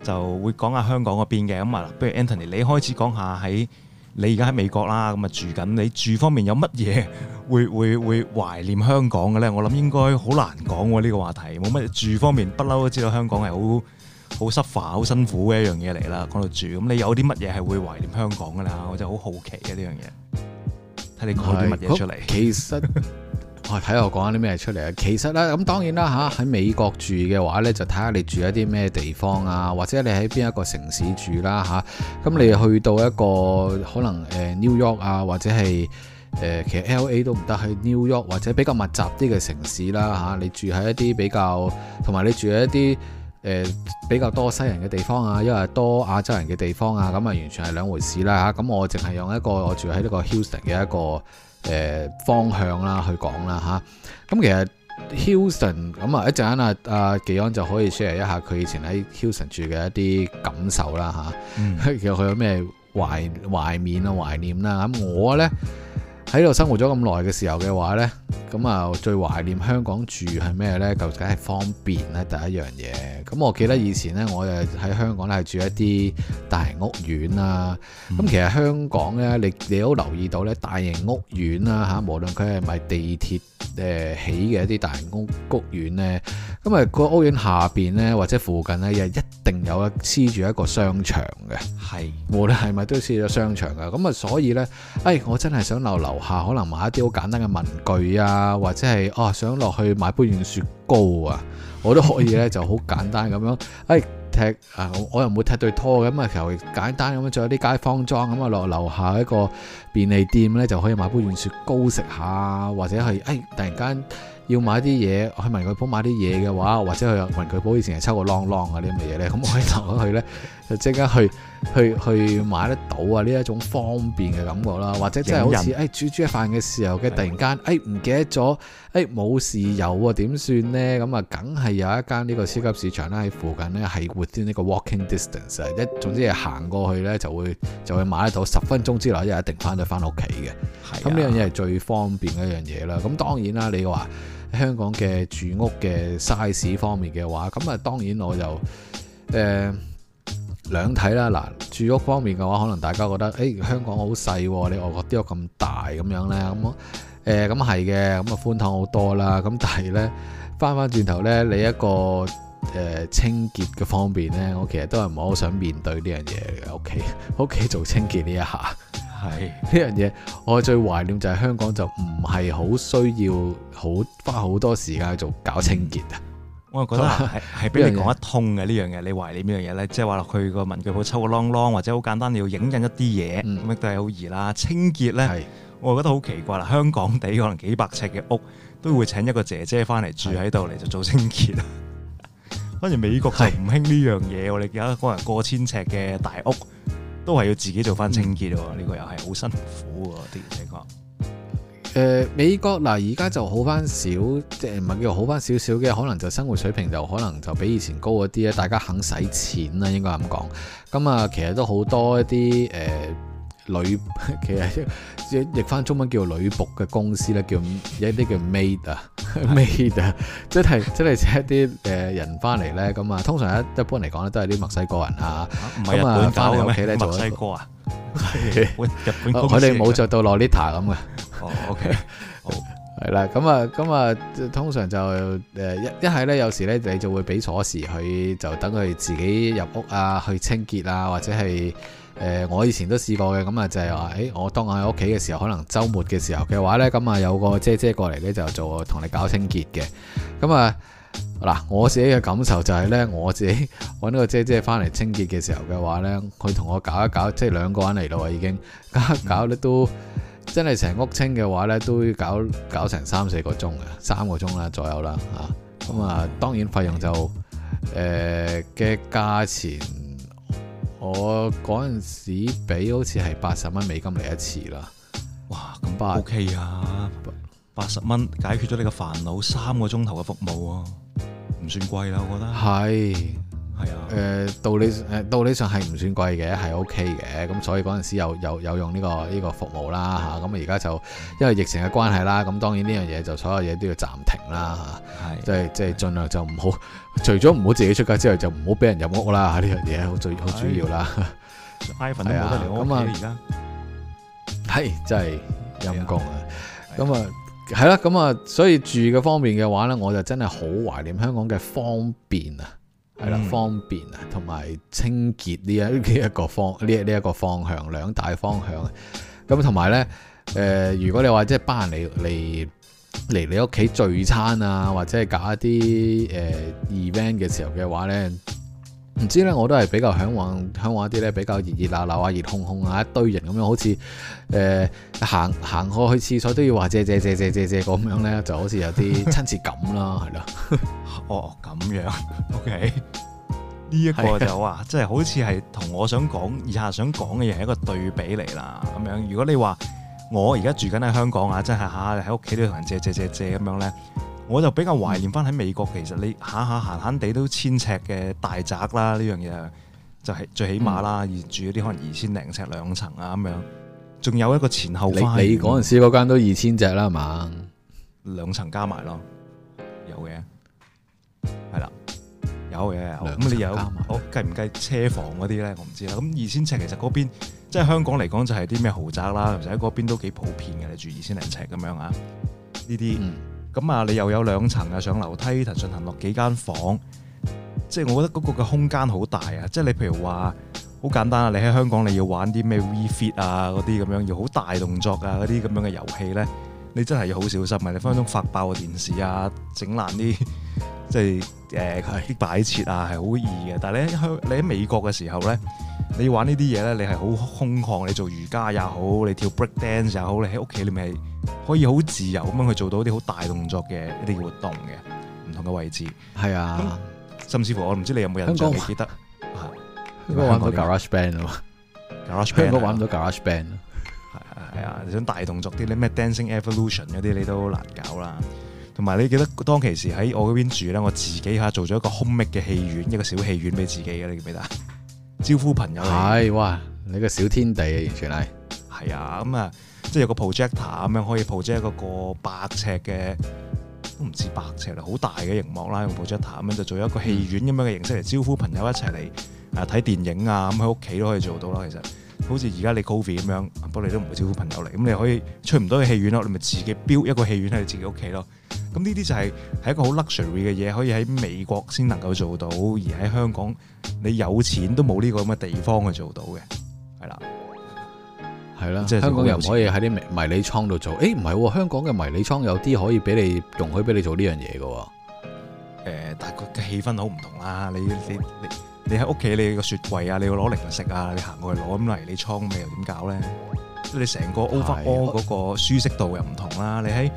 就會講下香港嗰邊嘅。咁啊，不如 Anthony 你開始講下喺你而家喺美國啦。咁啊住緊，你住方面有乜嘢會會會懷念香港嘅咧？我諗應該好難講呢、呢個話題。冇乜住方面，不嬲都知道香港係好好 suffer、好辛苦嘅一樣嘢嚟啦。講到住，咁你有啲乜嘢係會懷念香港㗎啦？我就好好奇嘅呢樣嘢。睇你講啲乜嘢出嚟是？其實。 睇下我講啲咩出嚟啊！其實咧，咁當然啦嚇，喺美國住嘅話咧，就睇下你住一啲咩地方啊，或者你喺邊一個城市住啦嚇。咁、啊、你去到一個可能誒、呃、New York 啊，或者係誒、呃、其實 LA 都唔得去 New York，或者比較密集啲嘅城市啦嚇、啊。你住喺一啲比較同埋你住喺一啲誒、呃、比較多西人嘅地方、地方啊，因為多亞洲人嘅地方啊，咁啊完全係兩回事啦嚇。咁我淨係用一個我住喺呢個 Houston 嘅一個。誒方向啦，去講啦嚇。咁其實 Hilton 咁啊，一陣間啊啊，紀安就可以 share 一下佢以前喺 Hilton 住嘅一啲感受啦嚇。嗯、其實佢有咩懷懷念啊、懷念啦。咁我咧。喺度生活咗咁耐嘅時候嘅話呢，咁啊最懷念香港住係咩呢？就梗係方便呢？第一樣嘢。咁我記得以前呢，我誒喺香港咧係住一啲大型屋苑啊。咁、嗯、其實香港呢，你你都留意到呢大型屋苑啊，嚇，無論佢係咪地鐵誒起嘅一啲大型屋屋苑咧，咁、那、啊個屋苑下邊呢，或者附近呢，又一定有黐住一個商場嘅。係，無論係咪都黐咗商場㗎。咁啊，所以呢，誒、哎、我真係想留留。下可能買一啲好簡單嘅文具啊，或者係哦、啊、想落去買杯軟雪糕啊，我都可以咧，就好簡單咁樣，哎踢啊，我又唔會踢對拖咁啊，其實簡單咁樣着一啲街坊裝咁啊，落樓下一個便利店咧，就可以買杯軟雪糕食下，或者係哎突然間要買啲嘢去文具鋪買啲嘢嘅話，或者去文具鋪以前係抽個啷啷嗰啲咁嘅嘢咧，咁我可以落去咧。就即刻去去去買得到啊！呢一種方便嘅感覺啦，或者即係好似誒飲、哎、煮一煮飯嘅時候嘅突然間誒唔記得咗誒冇豉油啊點算呢？咁啊，梗係有一間呢個超級市場啦，喺附近呢，係 within 呢個 walking distance，一總之係行過去呢，就會就會買得到，十分鐘之內一日一定翻到翻屋企嘅。咁呢樣嘢係最方便嘅一樣嘢啦。咁當然啦，你話香港嘅住屋嘅 size 方面嘅話，咁啊當然我就誒。呃兩睇啦，嗱住屋方面嘅話，可能大家覺得，誒香港好細喎，你外國都有咁大咁樣咧，咁誒咁係嘅，咁啊、嗯嗯、寬敞好多啦，咁但係呢，翻翻轉頭呢，你一個誒、呃、清潔嘅方面呢，我其實都係唔係好想面對呢樣嘢嘅屋企，屋企做清潔呢一下，係呢樣嘢，我最懷念就係香港就唔係好需要好花好多時間去做搞清潔。我覺得係係俾你講得通嘅 呢樣嘢，你懷念呢樣嘢咧？即係話落去個文具鋪抽個啷啷，或者好簡單，你要影印一啲嘢，咁都係好易啦、啊。清潔咧，是我覺得好奇怪啦！香港地可能幾百尺嘅屋，都會請一個姐姐翻嚟住喺度嚟就做清潔。 反而美國就唔興呢樣嘢，我哋而家間人過千尺嘅大屋，都係要自己做翻清潔喎，呢、嗯、個又係好辛苦喎啲情況。嗯，你講誒、呃，美國嗱，而家就好翻少，即係唔係叫好翻少少嘅，可能就生活水平就可能就比以前高一啲咧，大家肯使錢啦，應該咁講。咁、嗯、啊，其實都好多一啲誒、呃、女，其實譯翻中文叫女僕嘅公司咧，叫有一啲叫 maid 啊 maid 啊，即係即係請一啲誒人翻嚟咧。咁啊，通常一一般嚟講咧，都係啲墨西哥人啊，唔係日本搞咩、嗯？墨西哥啊，係就，我 日本 我們沒有一，我哋冇着到 Lolita 咁嘅。哦、oh，OK，係、oh，啦， 咁啊，咁啊，通常就誒一一係咧，有時咧，你就會俾鎖匙佢，就等佢自己入屋啊，去清潔啊，或者係誒、呃，我以前都試過嘅，咁啊就係話，誒、欸，我當我喺屋企嘅時候，可能周末嘅時候嘅話咧，咁啊有個姐姐過嚟咧就做同你搞清潔嘅，咁啊嗱，我自己嘅感受就係咧，我自己搵個姐姐翻嚟清潔嘅時候嘅話咧，佢同我搞一搞，即係兩個人嚟咯，已經搞一搞咧都。真係成屋清嘅話咧，都要搞搞成三四個鐘啊，三個鐘啦左右啦，吓，咁啊，當然費用就誒嘅價錢，我嗰陣時俾好似係八十蚊美金嚟一次啦，哇咁八是 OK 啊，八十蚊解決咗你嘅煩惱，三個鐘頭嘅服務啊。唔算貴啦，我覺得係。是係啊，誒道理誒道理上係唔算貴嘅，係 O K 嘅，咁所以嗰陣時有有有用呢個呢個服務啦嚇，咁而家就因為疫情嘅關係啦，咁當然呢樣嘢就所有嘢都要暫停啦嚇，即係即係儘量就唔好，除咗唔好自己出街之外，就唔好俾人入屋啦，呢樣嘢好最好主要啦。i p 咁啊，而家係真係陰功啊，咁啊係啦，咁啊所以住嘅方面嘅話咧，我就真係好懷念香港嘅方便啊！係啦，方便啊，同埋清潔呢一呢一個方呢呢一個方向，兩大方向。咁同埋咧，誒，如果你話即係班人嚟嚟嚟你屋企聚餐啊，或者係搞一啲誒、呃、event 嘅時候嘅話咧。唔知咧，我都係比較向往，向往一啲咧比較熱熱鬧鬧啊、熱烘烘啊，一堆人咁樣，好似誒行行過去廁所都要話借借借借借借咁樣咧，就好似有啲親切感啦，係咯。哦，咁樣，OK。呢一個就話，即係好似係同我想講以下想講嘅嘢係一個對比嚟啦，咁樣。如果你話我而家住緊喺香港啊，真係嚇喺屋企都要同人借借借借咁樣咧。我就比較懷念翻喺美國，其實你下下閒閒地都千尺嘅大宅啦，呢樣嘢就係最起碼啦，而住嗰啲可能二千零尺兩層啊咁樣，仲有一個前後你。你你嗰陣時嗰間都二千尺啦，係嘛？兩層加埋咯，有嘅，係啦，有嘅。咁、哦哦、你有？我計唔計車房嗰啲咧？我唔知啦。咁二千尺其實嗰邊，即係香港嚟講就係啲咩豪宅啦，其實喺嗰邊都幾普遍嘅。你住二千零尺咁樣啊？呢啲。嗯咁啊、嗯，你又有兩層啊，上樓梯騰上騰落幾間房間，即係我覺得嗰個嘅空間好大啊！即係你譬如話，好簡單啊，你喺香港你要玩啲咩 Wii Fit 啊嗰啲咁樣，要好大動作啊嗰啲咁樣嘅遊戲咧，你真係要好小心啊！你分分鐘發爆個電視啊，整爛啲即係誒、呃、擺設啊，係好易嘅。但係你喺香你喺美國嘅時候咧，你玩呢啲嘢咧，你係好空曠，你做瑜伽也好，你跳 Breakdance 又好，你喺屋企你咪，可以好自由咁樣去做到啲好大動作嘅一啲活動嘅，唔同嘅位置係啊，啊，甚至乎我唔知你有冇印象，港你記得，啊、應該玩到 Garage 玩 Band 咯 ，Garage Band 都玩唔到 Garage Band 咯，係啊，啊你想大動作啲咩 Dancing Evolution 嗰啲你都難搞啦，同埋你記得當其時喺我嗰邊住咧，我自己吓做咗一個 home make 嘅戲院，一個小戲院俾自己嘅，你記唔記得？招呼朋友係，哇，你個小天地完全係，係啊，咁啊。即係有個 projector 咁樣可以 project 一個，個百尺嘅，都唔止百尺啦，好大嘅熒幕啦，用 project 咁樣就做一個戲院咁樣嘅形式嚟招呼朋友一齊嚟、嗯、啊睇電影啊，咁喺屋企都可以做到啦。其實好似而家你 COVID 咁樣，不過你都唔會招呼朋友嚟，咁你可以出唔到去戲院咯，你咪自己標一個戲院喺你自己屋企咯。咁呢啲就係係一個好 luxury 嘅嘢，可以喺美國先能夠做到，而喺香港你有錢都冇呢個咁嘅地方去做到嘅，係啦。係啦，即香人，欸喔，香港又唔可以喺啲迷你倉度做。誒，唔係喎，香港嘅迷你倉有啲可以俾你容許俾你做呢樣嘢嘅。誒、呃，但係嘅氣氛好唔同啦、啊。你你你喺屋企，你個雪櫃啊，你要攞零食啊，你行過去攞咁，迷你倉咩又點搞咧？即係你成個 overall 嗰個舒適度又唔同啦、啊的在。你喺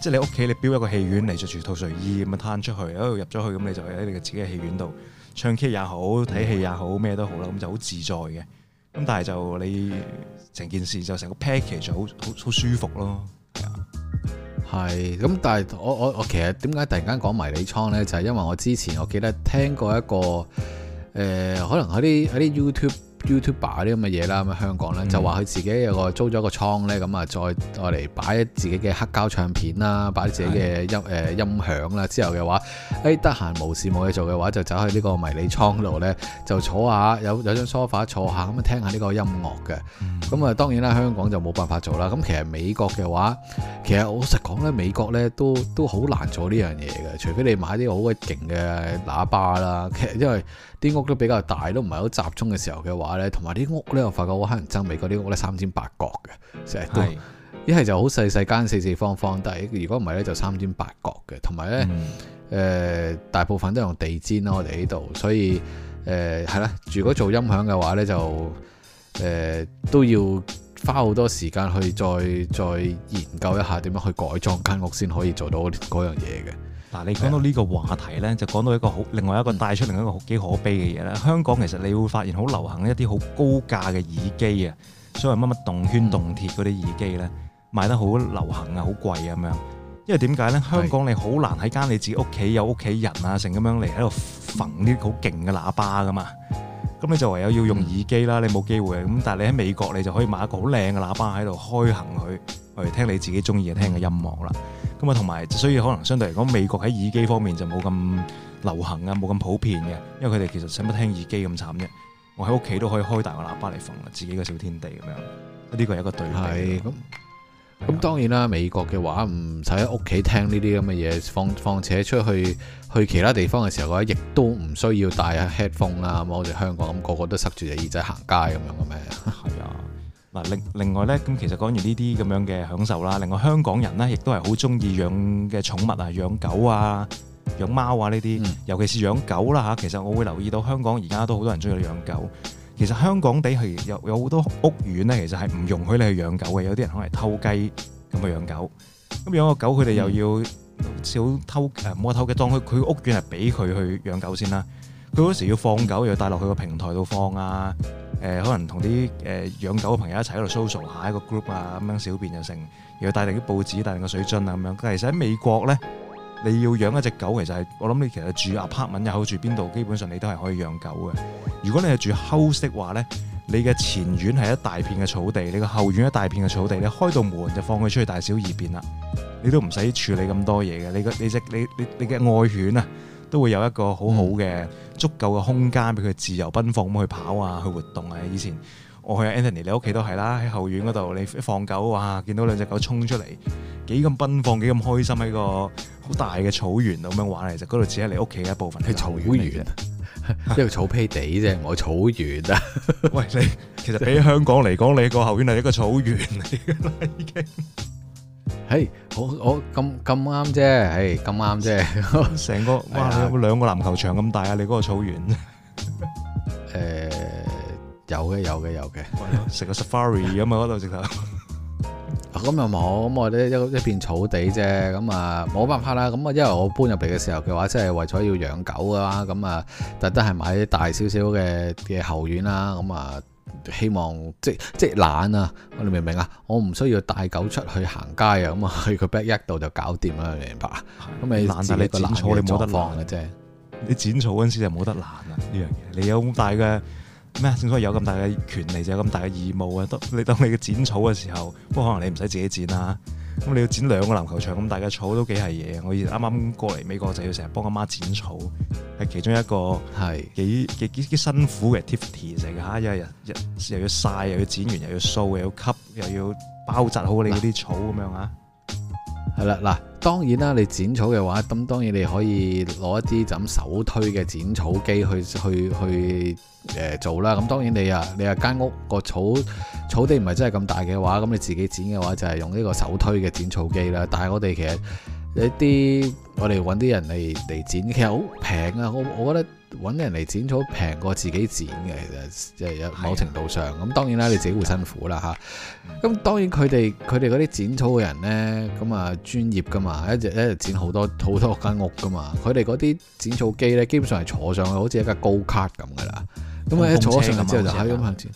即係你屋企，你標一個戲院嚟，着住套睡衣，咁啊攤出去，一路入咗去咁，你就喺你自己嘅戲院度唱 K 也好，睇戲、嗯、也好，咩都好啦，咁就好自在嘅。咁但係就你成件事就成個 package 就好好好舒服咯。係啊，係，咁但係我我我其實點解突然間講迷你倉咧，就係、是、因為我之前我記得聽過一個誒、呃、可能喺啲喺啲 YouTube。YouTuber 啲咁嘅嘢啦，咁香港呢就話佢自己有個租咗個倉呢，咁啊再嚟擺自己嘅黑膠唱片啦，擺自己嘅音誒音響啦。之後嘅話，得閒無事冇嘢做嘅話，就走去呢個迷你倉度呢，就坐下有有張梳化坐下咁啊，聽下呢個音樂嘅。咁啊當然啦，香港就冇辦法做啦。咁其實美國嘅話，其實我實講呢，美國呢都都好難做呢樣嘢嘅，除非你買啲好嘅勁嘅喇叭啦。其實因為啲屋都比較大，都唔係好集中嘅時候嘅話呢。同埋啲屋呢，我發覺好乞人憎，美國啲屋呢。三尖八角嘅，成日都一係是就好細細間四四方方，但係如果唔係呢，就三尖八角嘅，同埋呢，誒大部分都用地氈咯，我哋呢度，所以誒係啦，如果做音響嘅話呢，就誒、呃、都要花好多時間去再再研究一下點樣去改裝間屋先可以做到嗰樣嘢嘅。嗱、啊，你講到呢個話題咧，就講到一個好，另外一個帶出另一個好幾可悲嘅嘢咧。香港其實你會發現好流行一啲好高價嘅耳機啊，所謂乜乜動圈、動鐵嗰啲耳機咧，賣得好流行啊，好貴啊咁樣。因為點解咧？香港你好難喺間你自己屋企有屋企人啊，成咁是的 樣嚟喺度縫啲好勁嘅喇叭噶嘛。咁你就唯有要用耳機啦，你冇機會咁。但係你喺美國你就可以買一個好靚嘅喇叭喺度開行佢。去聽你自己中意嘅聽嘅音樂啦，咁啊同埋，所以可能相對嚟講，美國喺耳機方面就冇咁流行啊，冇咁普遍嘅，因為佢哋其實使乜聽耳機咁慘啫。我喺屋企都可以開大個喇叭嚟放自己嘅小天地咁樣，呢個係一個對比。係咁，咁、啊、當然啦，美國嘅話唔使喺屋企聽呢啲咁嘅嘢，況況且出去去其他地方嘅時候嘅話，亦都唔需要帶 headphone 啦。我哋香港咁個個都塞住隻耳仔行街咁樣嘅咩？係啊。嗱，另另外咧，咁其實講完呢啲咁樣嘅享受啦，另外香港人咧，亦都係好中意養嘅寵物啊，養狗啊，養貓啊呢啲，尤其是養狗啦嚇。其實我會留意到香港而家都好多人中意養狗。其實香港地係有有好多屋苑咧，其實係唔容許你去養狗嘅。有啲人可能係偷雞咁去養狗。咁養個狗，佢哋又要小偷誒摸偷嘅，當佢佢屋苑係俾佢去養狗先啦。佢嗰時要放狗又要帶落去個平台度放啊！誒、呃，可能同啲誒養狗嘅朋友一齊喺度 social 下一個 group 啊，咁樣小便就成。又要帶定啲報紙、帶定個水樽啊，咁樣。其實喺美國咧，你要養一隻狗，其實係我諗你其實住 apartment 又好，住邊度，基本上你都係可以養狗嘅。如果你係住 house 話咧，你嘅前院係一大片嘅草地，你嘅後院一大片嘅草地，你開到門就放佢出去大小二便啦，你都唔使處理咁多嘢嘅。你只你你你嘅愛犬啊！都會有一個好好嘅足夠嘅空間俾佢自由奔放咁去跑啊去活動啊！以前我去 Anthony 你屋企都係啦，喺後院嗰度你一放狗啊，見到兩隻狗衝出嚟，幾咁奔放，幾咁開心喺個好大嘅草原度咁樣玩，其實嗰度只係你屋企嘅一部分，係草原，啊，一個草皮地啫， 我草原啊！ 喂，你，其實俾香港嚟講，你個後院係一個草原嚟嘅喇，已經。 嘿 Hey, 好我好咁咁啱啫，係咁啱啫。成 個哇，哎、呀 有冇兩個籃球場咁大啊？你嗰個草原？誒，有嘅，有嘅，有嘅。 食個 safari 咁嘛，嗰度直頭。咁又冇，咁我哋一一片草地啫。咁、嗯、啊，冇辦法啦。咁、嗯、啊，因為我搬入嚟嘅時候嘅話，即、就、係、是、為咗要養狗噶啦。咁、嗯、啊，特登係買啲大少少嘅嘅後院啦。咁、嗯、啊。嗯希望即即懶啊！你明唔明啊？我唔需要帶狗出去行街啊！咁啊，去個 back 一度就搞掂啦，明白？咁咪懶？但你剪草你冇得懶嘅啫，你剪草嗰陣時就冇得懶啦呢樣嘢。你有咁大嘅咩？正所謂有咁大嘅權利就有咁大嘅義務啊！當你當你嘅剪草嘅時候，不可能你唔使自己剪啦。咁你要剪兩個籃球場咁大嘅草都幾係嘢，我以前啱啱過嚟美國就要成日幫阿媽、媽剪草，係其中一個幾幾幾辛苦嘅 activity 嚟日嚇，又又又要晒，又要剪完又要掃，又要吸，又要包紮好你嗰啲草咁樣啊～係啦，嗱，當然啦，你剪草嘅話，咁當然你可以攞一啲咁手推嘅剪草機去去去誒、呃、做啦。咁當然你啊，你啊間屋個草草地唔係真係咁大嘅話，咁你自己剪嘅話就係用呢個手推嘅剪草機啦。但係我哋其實一啲我哋搵啲人嚟嚟剪，其實好平啊，我我覺得。揾人嚟剪草平過自己剪嘅，其實即係有某程度上。咁的當然啦，你自己會辛苦啦吓。咁、嗯、當然佢哋佢哋嗰啲剪草嘅人呢，咁啊專業噶嘛，一日一日剪好多好多間屋噶嘛。佢哋嗰啲剪草機呢，基本上係坐上去，好似一架高卡咁噶啦。咁啊，坐上去之後就喺咁向前。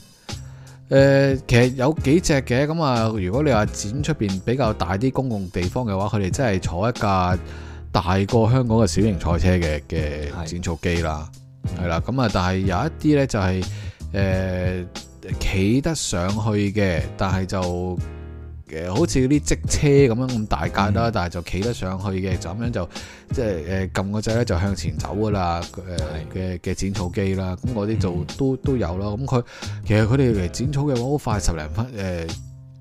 誒就、嗯，其實有幾隻嘅。咁啊，如果你話剪出邊比較大啲公共地方嘅話，佢哋真係坐一架。大過香港嘅小型賽車嘅嘅剪草機啦，係啦，咁啊，但係有一啲咧就係誒企得上去嘅，但係就誒、呃、好似啲積車咁樣咁大架啦，是的 但係就企得上去嘅，就咁樣就即係誒撳個掣咧就向前走噶啦，誒嘅嘅剪草機啦，咁嗰啲就都都有啦，咁、嗯、佢其實佢哋嚟剪草嘅話好快十，十零分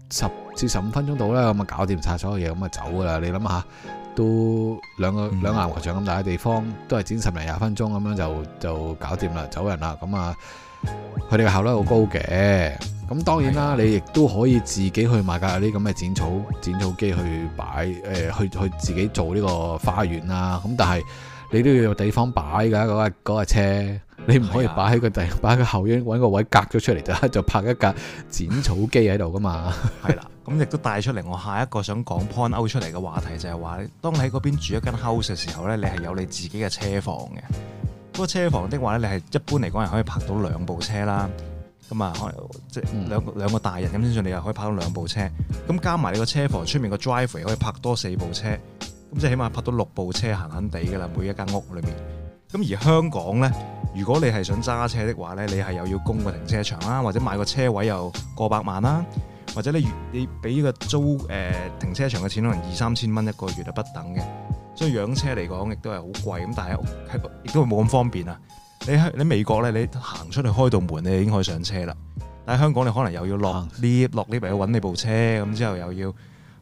誒十至十五分鐘到啦，咁啊搞掂晒所有嘢，咁啊走噶啦，你諗下。都兩個兩籃球場咁大嘅地方，都係剪十零廿分鐘咁樣就就搞掂啦，走人啦。咁啊，佢哋嘅效率好高嘅。咁、嗯嗯、當然啦，的你亦都可以自己去買架啲咁嘅剪草剪草機去擺，誒、呃，去去自己做呢個花園啊。咁但係你都要有地方擺㗎，嗰架嗰架車，你唔可以擺喺個地，擺喺的個後院，揾個位隔咗出嚟就就拍一架剪草機喺度㗎嘛。係啦的。 咁亦都帶出嚟，我下一個想講 Pon 歐出嚟嘅話題就係話，當你喺嗰邊住一間 house 嘅時候咧，你係有你自己嘅車房嘅。嗰個車房的話咧，你係一般嚟講係可以泊到兩部車啦。咁啊，即係兩個兩個大人咁先算，你又可以泊到兩部車。咁、嗯、加埋你個車房出面個 drive 可以泊多四部車，咁即係起碼泊到六部車，閒閒地嘅啦。每一間屋裏面。咁而香港咧，如果你係想揸車的話咧，你係又要供個停車場啦，或者買個車位又過百萬啦。或者你月你俾個租誒、呃、停車場嘅錢可能二三千蚊一個月啊，不等嘅，所以養車嚟講亦都係好貴咁，但係亦都冇咁方便啊！你喺你美國咧，你行出去開道門，你已經可以上車啦。但係香港你可能又要落 lift 落 lift，又要揾你部車咁，之後又要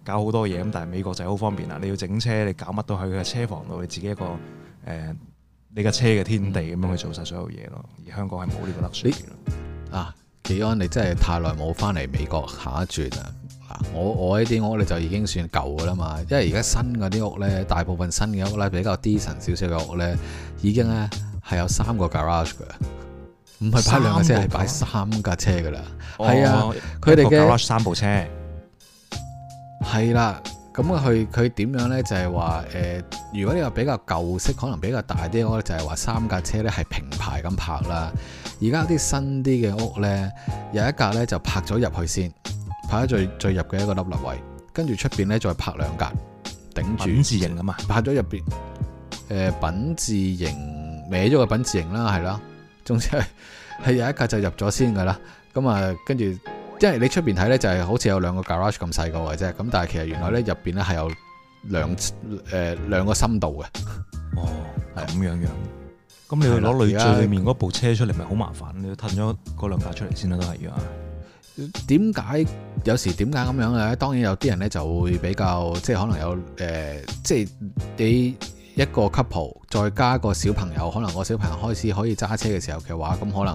搞好多嘢咁。但係美國就係好方便啦，你要整車，你搞乜到去嘅車房度，你自己一個誒、呃、你架車嘅天地咁去做曬所有嘢咯。而香港係冇呢個 luxury 咯你啊。幾安？你真係太耐冇翻嚟美國下一轉啦！嗱，我我呢啲屋咧就已經算舊噶啦嘛，因為而家新嗰啲屋咧，大部分新嘅屋咧比較 decent 少少嘅屋咧，已經咧係有三個 garage 嘅，唔係擺兩架車，係擺三架車噶啦。係啊，佢哋嘅三部車。係啦，咁佢佢點樣咧？就係話誒，如果你話比較舊式，可能比較大啲屋咧，就係話三架車咧係平排咁拍啦。而家啲新啲嘅屋咧，有一格咧就拍咗入去先，拍咗最最入嘅一個凹凹位，跟住出邊咧再拍兩格頂住。品字型啊嘛，拍咗入邊，誒、呃、品字型，歪咗個品字型啦，係咯，總之係係有一格就入咗先噶啦。咁啊，跟住，即係你出邊睇咧，就係好似有兩個 garage 咁細個嘅啫。咁但係其實原來咧入邊咧係有兩誒兩個深度嘅。哦，係咁樣樣。咁你去攞最裏面嗰部車出嚟，咪好麻煩？在你要褪咗嗰兩架出嚟先啦，都係啊。點解有時點解咁樣嘅？當然有啲人呢就會比較，即係可能有誒，即係你一個 couple 再加個小朋友，可能個小朋友開始可以揸車嘅時候嘅話，咁可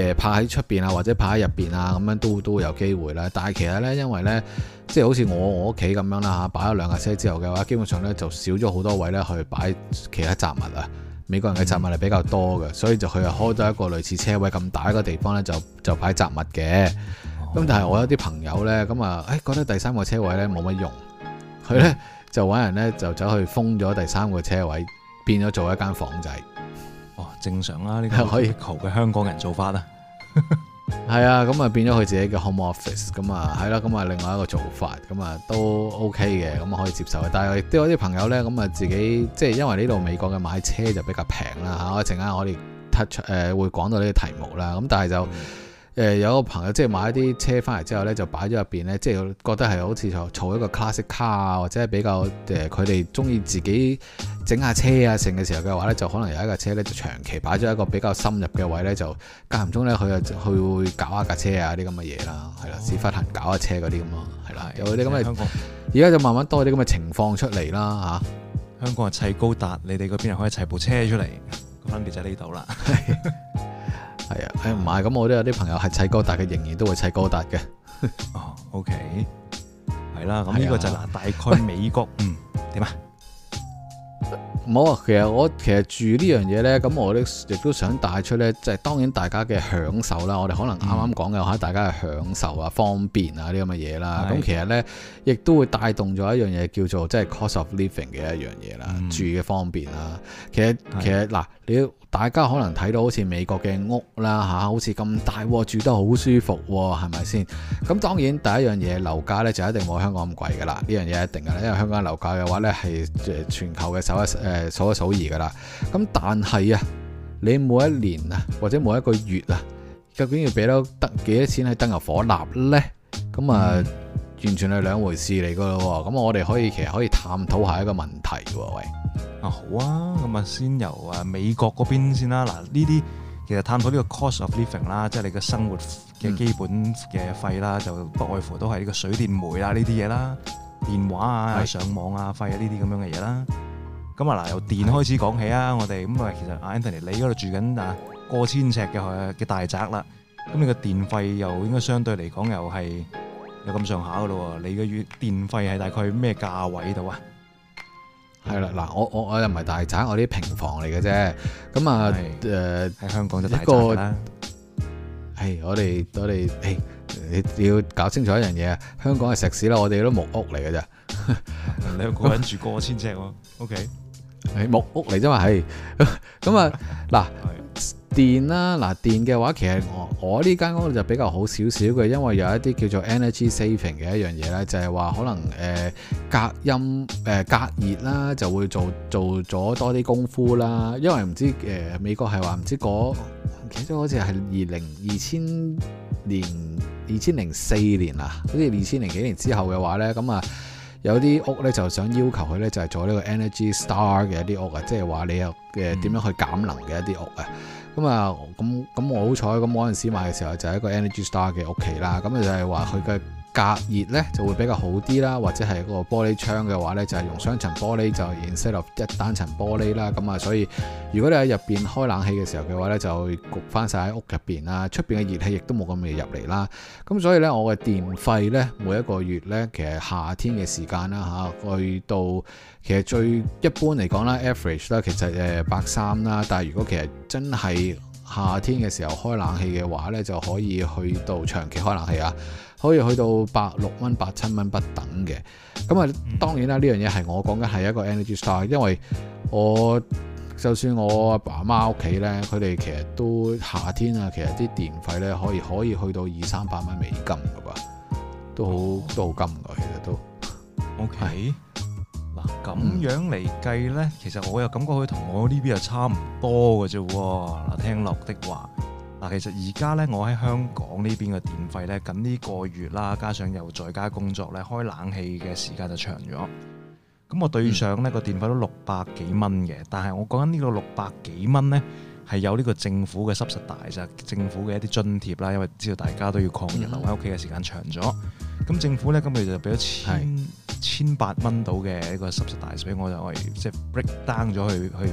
能誒，拍喺出面啊，或者拍喺入面啊，咁樣都都會有機會啦。但係其實呢，因為呢，即係好似我我屋企咁樣啦嚇，擺咗兩架車之後嘅話，基本上呢就少咗好多位呢去擺其他雜物啊。美國人嘅雜物係比較多嘅，所以就佢就開咗一個類似車位咁大一個地方呢，就就擺雜物嘅。咁但係我有啲朋友呢，咁啊，誒覺得第三個車位呢，冇乜用，佢呢，就揾人呢，就走去封咗第三個車位，變咗做一間房仔。哦，正常啦，啊，呢、呢個可以求嘅香港人做法啦。 係啊，咁啊變咗佢自己嘅 home office，咁啊係啦，咁啊另外一個做法，咁啊都 OK 嘅，咁啊可以接受嘅。但係亦都有啲朋友呢，咁啊自己即係因為呢度美國嘅買車就比較平啦吓。我一陣間、呃，我哋 touch 誒會講到呢啲題目啦。咁但係就。誒有個朋友即係買一啲車翻嚟之後咧，就擺咗入邊咧，即係覺得係好似就儲一個 classic car 啊，或者比較誒，佢哋中意自己整下車啊，剩嘅時候嘅話咧，就可能有一架車咧就長期擺咗一個比較深入嘅位咧，就間唔中咧佢啊去搞下架車啊啲咁嘅嘢啦，係啦，屎忽痕搞下車嗰啲咁咯，係啦，有啲咁嘅，香港，而家就慢慢多啲咁嘅情況出嚟啦嚇。香港係砌高達，你哋嗰邊可以砌部車出嚟，分別就喺呢度啦。係啊，誒唔係。咁我都有啲朋友係砌高達嘅，仍然都會砌高達嘅。 哦，OK，係啦，咁呢、啊、個就係，大概美國，嗯點啊？嗯點樣冇啊，其實我其實住呢樣嘢呢，咁我亦都想帶出呢，即係當然大家嘅享受啦。我哋可能啱啱講嘅話大家嘅享受啊、方便啊呢咁嘅嘢啦。咁是其實呢，亦都會帶動咗一樣嘢叫做即係 cost of living 嘅一樣嘢啦，嗯、住嘅方便啦。其實其實嗱，你要是大家可能睇到好似美國嘅屋啦吓，好似咁大喎，住得好舒服喎，係咪先？咁當然第一樣嘢樓價呢，就一定冇香港咁貴噶啦，呢樣嘢一定噶啦，因為香港樓價嘅話呢，係全球嘅首一誒，數一數二噶啦，咁但係啊，你每一年啊，或者每一個月啊，究竟要俾到得幾多，多錢喺燈油火蠟咧？咁啊，完全係兩回事嚟噶咯。咁我哋可以其實可以探討下一個問題，啊，喂、啊，啊好啊，咁啊先由啊美國嗰邊先啦。嗱，呢啲其實探討呢個 cost of living 啦，即係你嘅生活嘅基本嘅費啦，嗯、就不外乎都係呢個水電煤啊、呢啲嘢啦，電話啊、是的 上網啊費啊呢啲咁樣嘅嘢啦。咁啊，嗱，由電開始講起啊，的我哋咁啊，其實 Anthony，你嗰度住緊啊過千尺嘅嘅大宅啦，咁你個電費又應該相對嚟講又係有咁上下噶咯，你嘅月電費係大概咩價位度啊？係啦，嗱，我我我又唔係大宅，我啲平房嚟嘅啫。咁啊，誒喺是、呃、香港就一個係的我哋我哋你要搞清楚一樣嘢，啊。香港係石屎啦，我哋都木屋嚟嘅咋。 你有個人住過千尺喎 ，OK。係木屋嚟啫嘛，係咁 啊，嗱的，電啦，嗱，電嘅話其實我我呢間屋就比較好少少嘅，因為有一啲叫做 energy saving 嘅一樣嘢咧，就係、是、話可能誒、呃、隔音誒、呃、隔熱啦，就會做做咗多啲功夫啦，因為唔知誒、呃、美國係話唔知嗰其實好似係二零二千年二千零四年啦、啊，好似二千零幾年之後嘅話咧，咁啊。有啲屋咧就想要求佢咧就係做呢個 Energy Star 嘅一啲屋啊，即係話你又嘅點樣去減能嘅一啲屋啊，咁啊咁咁我好彩咁嗰陣時買嘅時候就係一個 Energy Star 嘅屋企啦，咁就係話佢嘅。隔熱咧就會比較好啲啦，或者係嗰個玻璃窗嘅話咧，就係用雙層玻，玻璃，就 instead of 一單層玻璃啦。咁啊，所以如果你喺入面開冷氣嘅時候嘅話咧，就焗翻晒喺屋入面啦，出面嘅熱氣亦都冇咁易入嚟啦。咁所以咧，我嘅電費咧每一個月咧，其實夏天嘅時間啦嚇，去到其實最一般嚟講啦，average 啦，其實誒百三啦。但係如果其實真係夏天嘅時候開冷氣嘅話咧，就可以去到長期開冷氣啊。可以去到百六蚊、百七蚊不等嘅，咁啊當然啦，呢樣嘢係我講緊係一個 energy star，因為我就算我阿爸阿媽屋企咧，佢哋其實都夏天啊，其實啲電費咧可以可以去到二三百蚊美金嘅噃，都好、哦、都好金㗎，其實都。O K，嗱，咁樣嚟計咧，嗯、其實我又感覺佢同我呢邊係差唔多嘅啫喎，嗱，聽落的話。嗱，其實而家咧，我喺香港呢邊嘅電費咧，咁呢個月啦，加上又在家工作咧，開冷氣嘅時間就長咗。咁我對上呢個電費都六百幾蚊嘅，但係我講緊呢個六百幾蚊咧，係有呢個政府嘅濕濕大啫，就是，政府嘅一啲津貼啦，因為知道大家都要抗疫留喺屋企嘅時間長咗。咁政府咧今期就俾咗千千八蚊到嘅一個濕濕大俾我，就為即係 break down 咗去去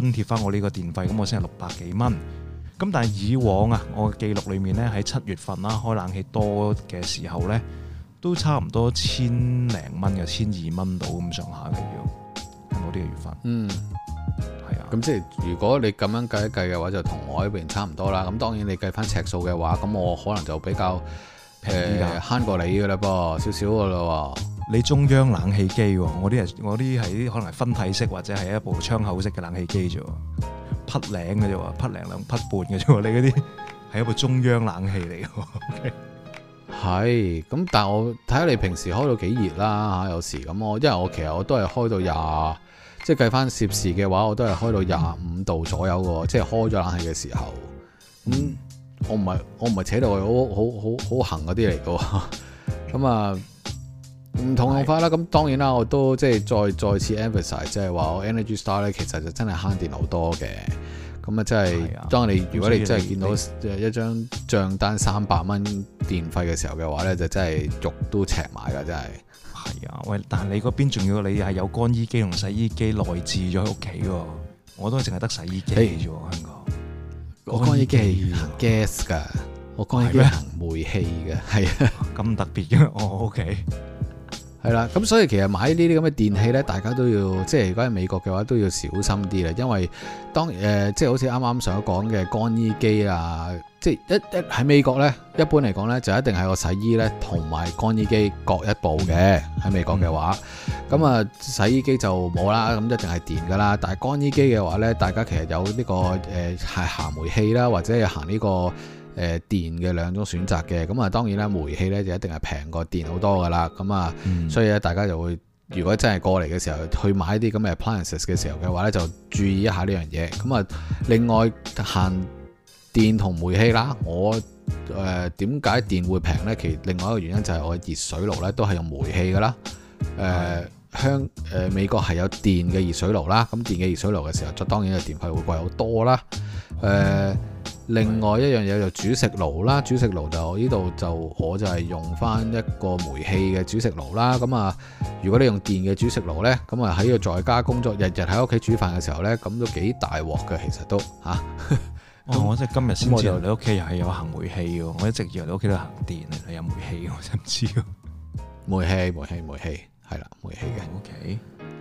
津貼返我呢個電費，咁我先係六百幾蚊。咁但係以往啊，我嘅記錄裏面咧，喺七月份啦，開冷氣多嘅時候咧，都差唔多千零蚊嘅，千二蚊到咁上下嘅要，係冇啲嘅月份。嗯，係啊。咁即係如果你咁樣計一計嘅話，就同我呢邊差唔多啦。咁當然你計翻尺數嘅話，咁我可能就比較平啲㗎，慳、呃、過你㗎啦噃，少少㗎啦喎。你中央冷氣機喎，我啲係我啲係可能係分體式或者係一部窗口式嘅冷氣機啫。匹零嘅啫喎，匹零兩,兩匹半嘅啫喎，你嗰啲係一個中央冷氣嚟嘅，係、okay? 咁。但係我睇下你平時開到幾熱啦吓，有時咁我，因為我其實我都係開到廿，即係計翻攝氏嘅話，我都係開到廿五度左右嘅，即係、嗯、開咗冷氣嘅時候。咁、嗯嗯、我唔係我唔係扯到好好好好行嗰啲嚟嘅，咁啊。唔同用法啦，咁的當然啦，我都即係再再次 emphasize，即係話我 Energy Star 咧，其實就真係慳電好多嘅。咁啊，真係，當你如果你真係見到一張賬單三百蚊電費嘅時候嘅話咧，就真係肉都赤埋噶，真係。係啊，喂，但你嗰邊仲要你係有乾衣機同洗衣機內置咗喺屋企，我都淨係得洗衣機啫，香港的。乾 我乾衣機用 gas 噶，是的我乾衣機行煤氣嘅，係啊，咁特別嘅，我屋企。係啦，咁所以其實買呢啲咁嘅電器呢，大家都要，即係如果喺美國嘅話都要小心啲啦，因為當誒即係好似啱啱上一講嘅乾衣機啊，即係一一喺美國呢，一般嚟講呢，就一定係個洗衣呢同埋乾衣機各一部嘅，喺美國嘅話，咁啊、嗯、洗衣機就冇啦，咁一定係電噶啦，但係乾衣機嘅話呢，大家其實有呢、呢個誒係、呃、行煤氣啦，或者係行呢、呢個。誒、呃、電嘅兩種選擇嘅，咁啊當然啦，煤氣呢就一定係平過電好多噶啦，咁啊，嗯、所以咧大家就會，如果真係過嚟嘅時候去買啲咁嘅 appliances 嘅時候嘅話呢，就注意一下呢樣嘢。咁啊，另外限電同煤氣啦，我誒點解電會平呢？其實另外一個原因就係我熱水爐呢都係用煤氣噶啦，誒、呃、香、嗯呃、美國係有電嘅熱水爐啦，咁電嘅熱水爐嘅時候，就當然係電費會貴好多啦，誒、嗯。呃另外一樣嘢就煮食爐啦，煮食爐就呢度就我就係用翻一個煤氣嘅煮食爐啦。咁啊，如果你用電嘅煮食爐呢，咁啊喺個在家工作日日喺屋企煮飯嘅時候呢，咁都幾大鑊嘅，其實都嚇。我真係今日先知道，我你屋企又係有行煤氣嘅，我一直以為你屋企都行電啊，有煤氣，我先知。煤氣，煤氣，煤氣，係啦，煤氣嘅。OK。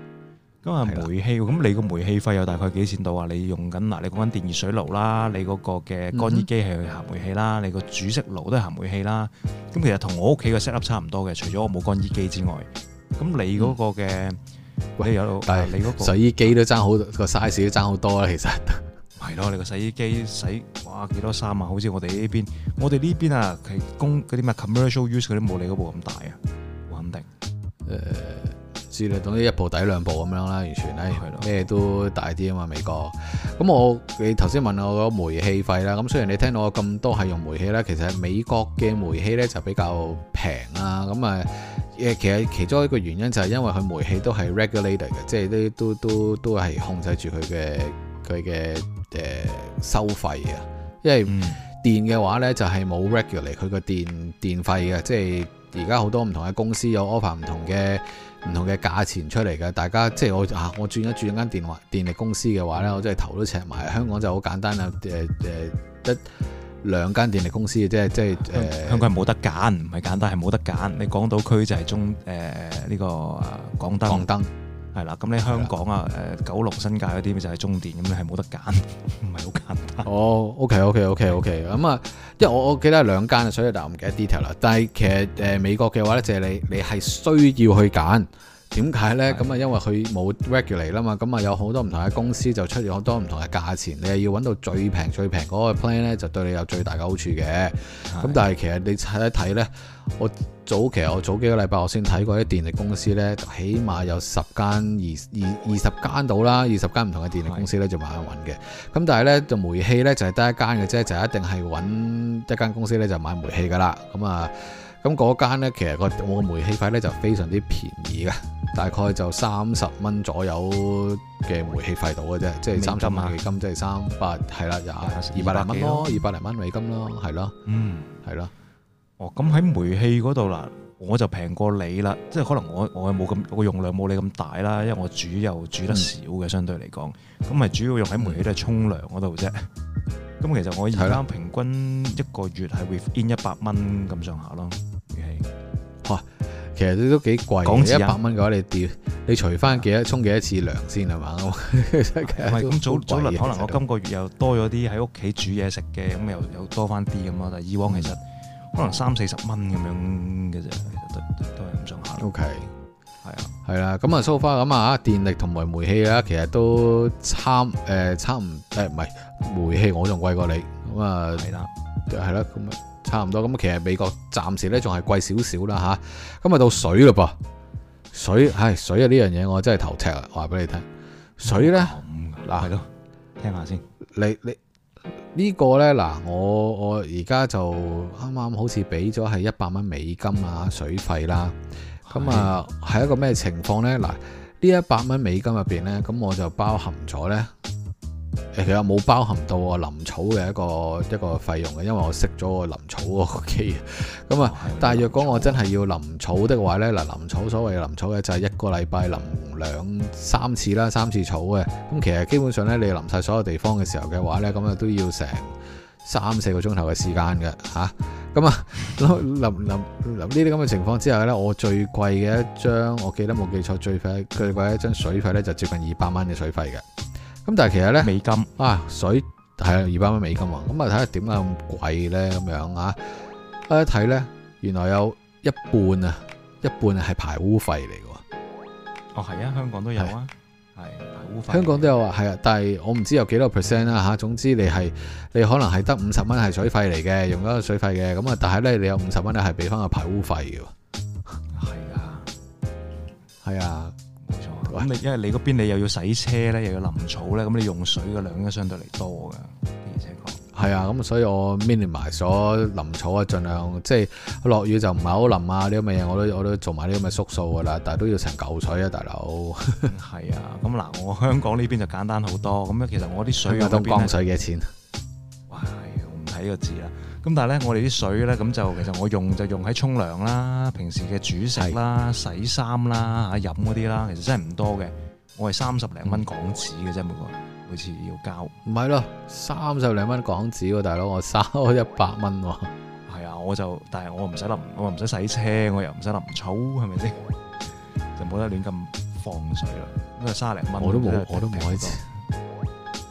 咁啊，煤氣咁的你個煤氣費又大概幾錢度啊？你用緊嗱，你講緊電熱水爐啦，你嗰個嘅乾衣機係去行煤氣啦，嗯、哼你個煮食爐都係行煤氣啦。咁其實同我屋企嘅 set up 差唔多嘅，除咗我冇乾衣機之外，咁你嗰個嘅喂、嗯、有，但係你嗰個洗衣機都爭好個 size 都爭好多啊！其實係咯，你個洗衣機洗哇幾多衫啊？好似我哋呢邊，我哋呢邊啊，係公嗰啲咩 commercial use 嗰啲冇你嗰部咁大啊，唔肯定。誒、呃。知啦，總之一步抵兩步咁樣啦，完全咧哎，咩都大啲啊嘛美國。咁我你頭先問我個煤氣費啦，咁雖然你聽到我咁多係用煤氣啦，其實美國嘅煤氣咧就比較平啊。咁啊，誒其實其中一個原因就係因為佢煤氣都係 regulated 嘅，即係都都都都係控制住佢嘅佢嘅誒收費啊。因為電嘅話咧就係冇 regulate 佢個電電費嘅，即係而家好多唔同嘅公司有 offer 唔同嘅。唔同嘅價錢出嚟嘅，大家即係我嚇，我轉一轉一間電話電力公司嘅話咧，我真係頭都赤埋。香港就好簡單啊，得、呃呃、兩間電力公司，即係即係誒，呃、香港係冇得揀，唔係簡單，係冇得揀。你到、呃這個、港島區就係中誒呢個港燈。港燈係啦，咁你香港啊，誒的九龍新界嗰啲咪就係中電，咁你係冇得揀，唔係好簡單。哦、oh,，OK OK OK OK，咁、嗯、啊，因為我我記得係兩間所以但唔記得 detail 啦。但係其實美國嘅話咧，就係、是、你你係需要去揀，點解咧？咁啊的，因為佢冇 regulate 啦、嗯、嘛，咁啊有好多唔同嘅公司就出現好多唔同嘅價錢，你係要揾到最平最平嗰個 plan 咧，就對你有最大嘅好處嘅。咁的、嗯、但係其實你睇一睇咧。我早期我早幾個禮拜我先睇過啲電力公司咧，起碼有十間二二二十間到啦，二十間唔同嘅電力公司咧就慢慢揾嘅。咁但係咧就煤氣咧就係得一間嘅啫，就一定係揾一間公司咧就買煤氣噶啦。咁啊，咁嗰間咧其實個我煤氣費咧就非常之便宜嘅，大概就三十蚊左右嘅煤氣費到嘅啫，即係三十蚊美金，即係三百係啦，廿二百零蚊咯，二百零蚊美金咯，係咯，嗯，係咯。哦，咁喺煤氣嗰度啦，我就平過你啦，即係可能我我又冇咁個用量冇你咁大啦，因為我煮又煮得少嘅，相對嚟講，咁咪、嗯、主要用喺煤氣都係沖涼嗰度啫。咁、嗯、其實我而家平均一個月係 within 一百蚊咁上下咯，煤氣、哦。其實都幾貴嘅你都幾貴，一百蚊嘅話你，你掉，你除翻幾多沖幾多次涼先係嘛？唔係、嗯， 早早可能我今個月又多咗啲喺屋企煮嘢食嘅，咁又有多翻啲咁咯。但係以往其實、嗯。可能三四十蚊咁樣嘅啫，其實都都係咁上下。O K，係啊，係啦，咁啊，so far，咁啊，電力同埋煤氣咧，其實都差誒，差唔誒，唔係煤氣我仲貴過你咁啊，係啦，係啦，咁啊，差唔多。咁其實美國暫時咧仲係貴少少啦吓，咁啊到水嘞噃，水係水啊呢樣嘢我真係頭赤啊，話俾你聽，水咧嗱係咯，聽下先，你你。呢個呢，嗱，我我而家就啱啱好似俾咗係一百蚊美金啊水費啦，咁啊係一個咩情況呢？嗱，呢一百蚊美金入面呢，咁我就包含咗呢。誒，其實冇包含到我淋草嘅一個一個費用嘅，因為我熄咗我淋草嗰個機。咁啊，但係若果我真係要淋草的話呢，嗱，淋草所謂嘅淋草呢就係一個禮拜淋兩三次啦，三次草嘅。咁其實基本上呢，你淋晒所有地方嘅時候嘅話呢，咁啊都要成三四個鐘頭嘅時間嘅吓。咁啊，淋淋淋呢啲咁嘅情況之下呢，我最貴嘅一張，我記得冇記錯，最貴最貴一張水費呢，就接近二百蚊嘅水費嘅。咁但係其實咧美金啊水係二百蚊美金啊，咁啊睇下點解咁貴咧咁樣啊？一睇咧原來有一半啊，一半係排污費嚟嘅。哦係啊，香港都有啊，係是排污費。香港都有啊，係啊，但係我唔知有幾多 percent 啦吓。總之你係你可能係得五十蚊係水費嚟嘅，用咗個水費嘅，咁啊但係咧你有五十蚊咧係俾翻個排污費嘅。係 啊的，係啊。冇錯，咁你喂因為你嗰邊，你又要洗車咧，又要淋草咧，咁你用水嘅量應該相對嚟多噶。而且講係啊，咁所以我 minimize 咗淋草啊，盡量即係落雨就唔係好淋啊。呢啲咁嘅嘢，我都我都做埋呢啲咁嘅縮數噶啦，但係都要成舊水啊，大佬。係啊，咁嗱，我香港呢邊就簡單好多。咁樣，其實我啲水都多光水嘅錢，哇，我唔睇個字啦。咁但係咧，我哋啲水咧，咁就其實我用就用喺沖涼啦、平時嘅煮食啦、洗衫啦、嚇飲嗰啲啦，其實真係唔多嘅。我係三十零蚊港紙嘅啫，每個每次要交。唔係咯，三十零蚊港紙喎，大佬，我收一百蚊喎。係啊，我就，但係我唔使淋，我唔使洗車，我又唔使淋草，係咪先？就冇得亂咁放水啦。因為，三十零蚊我都冇，我都冇一次。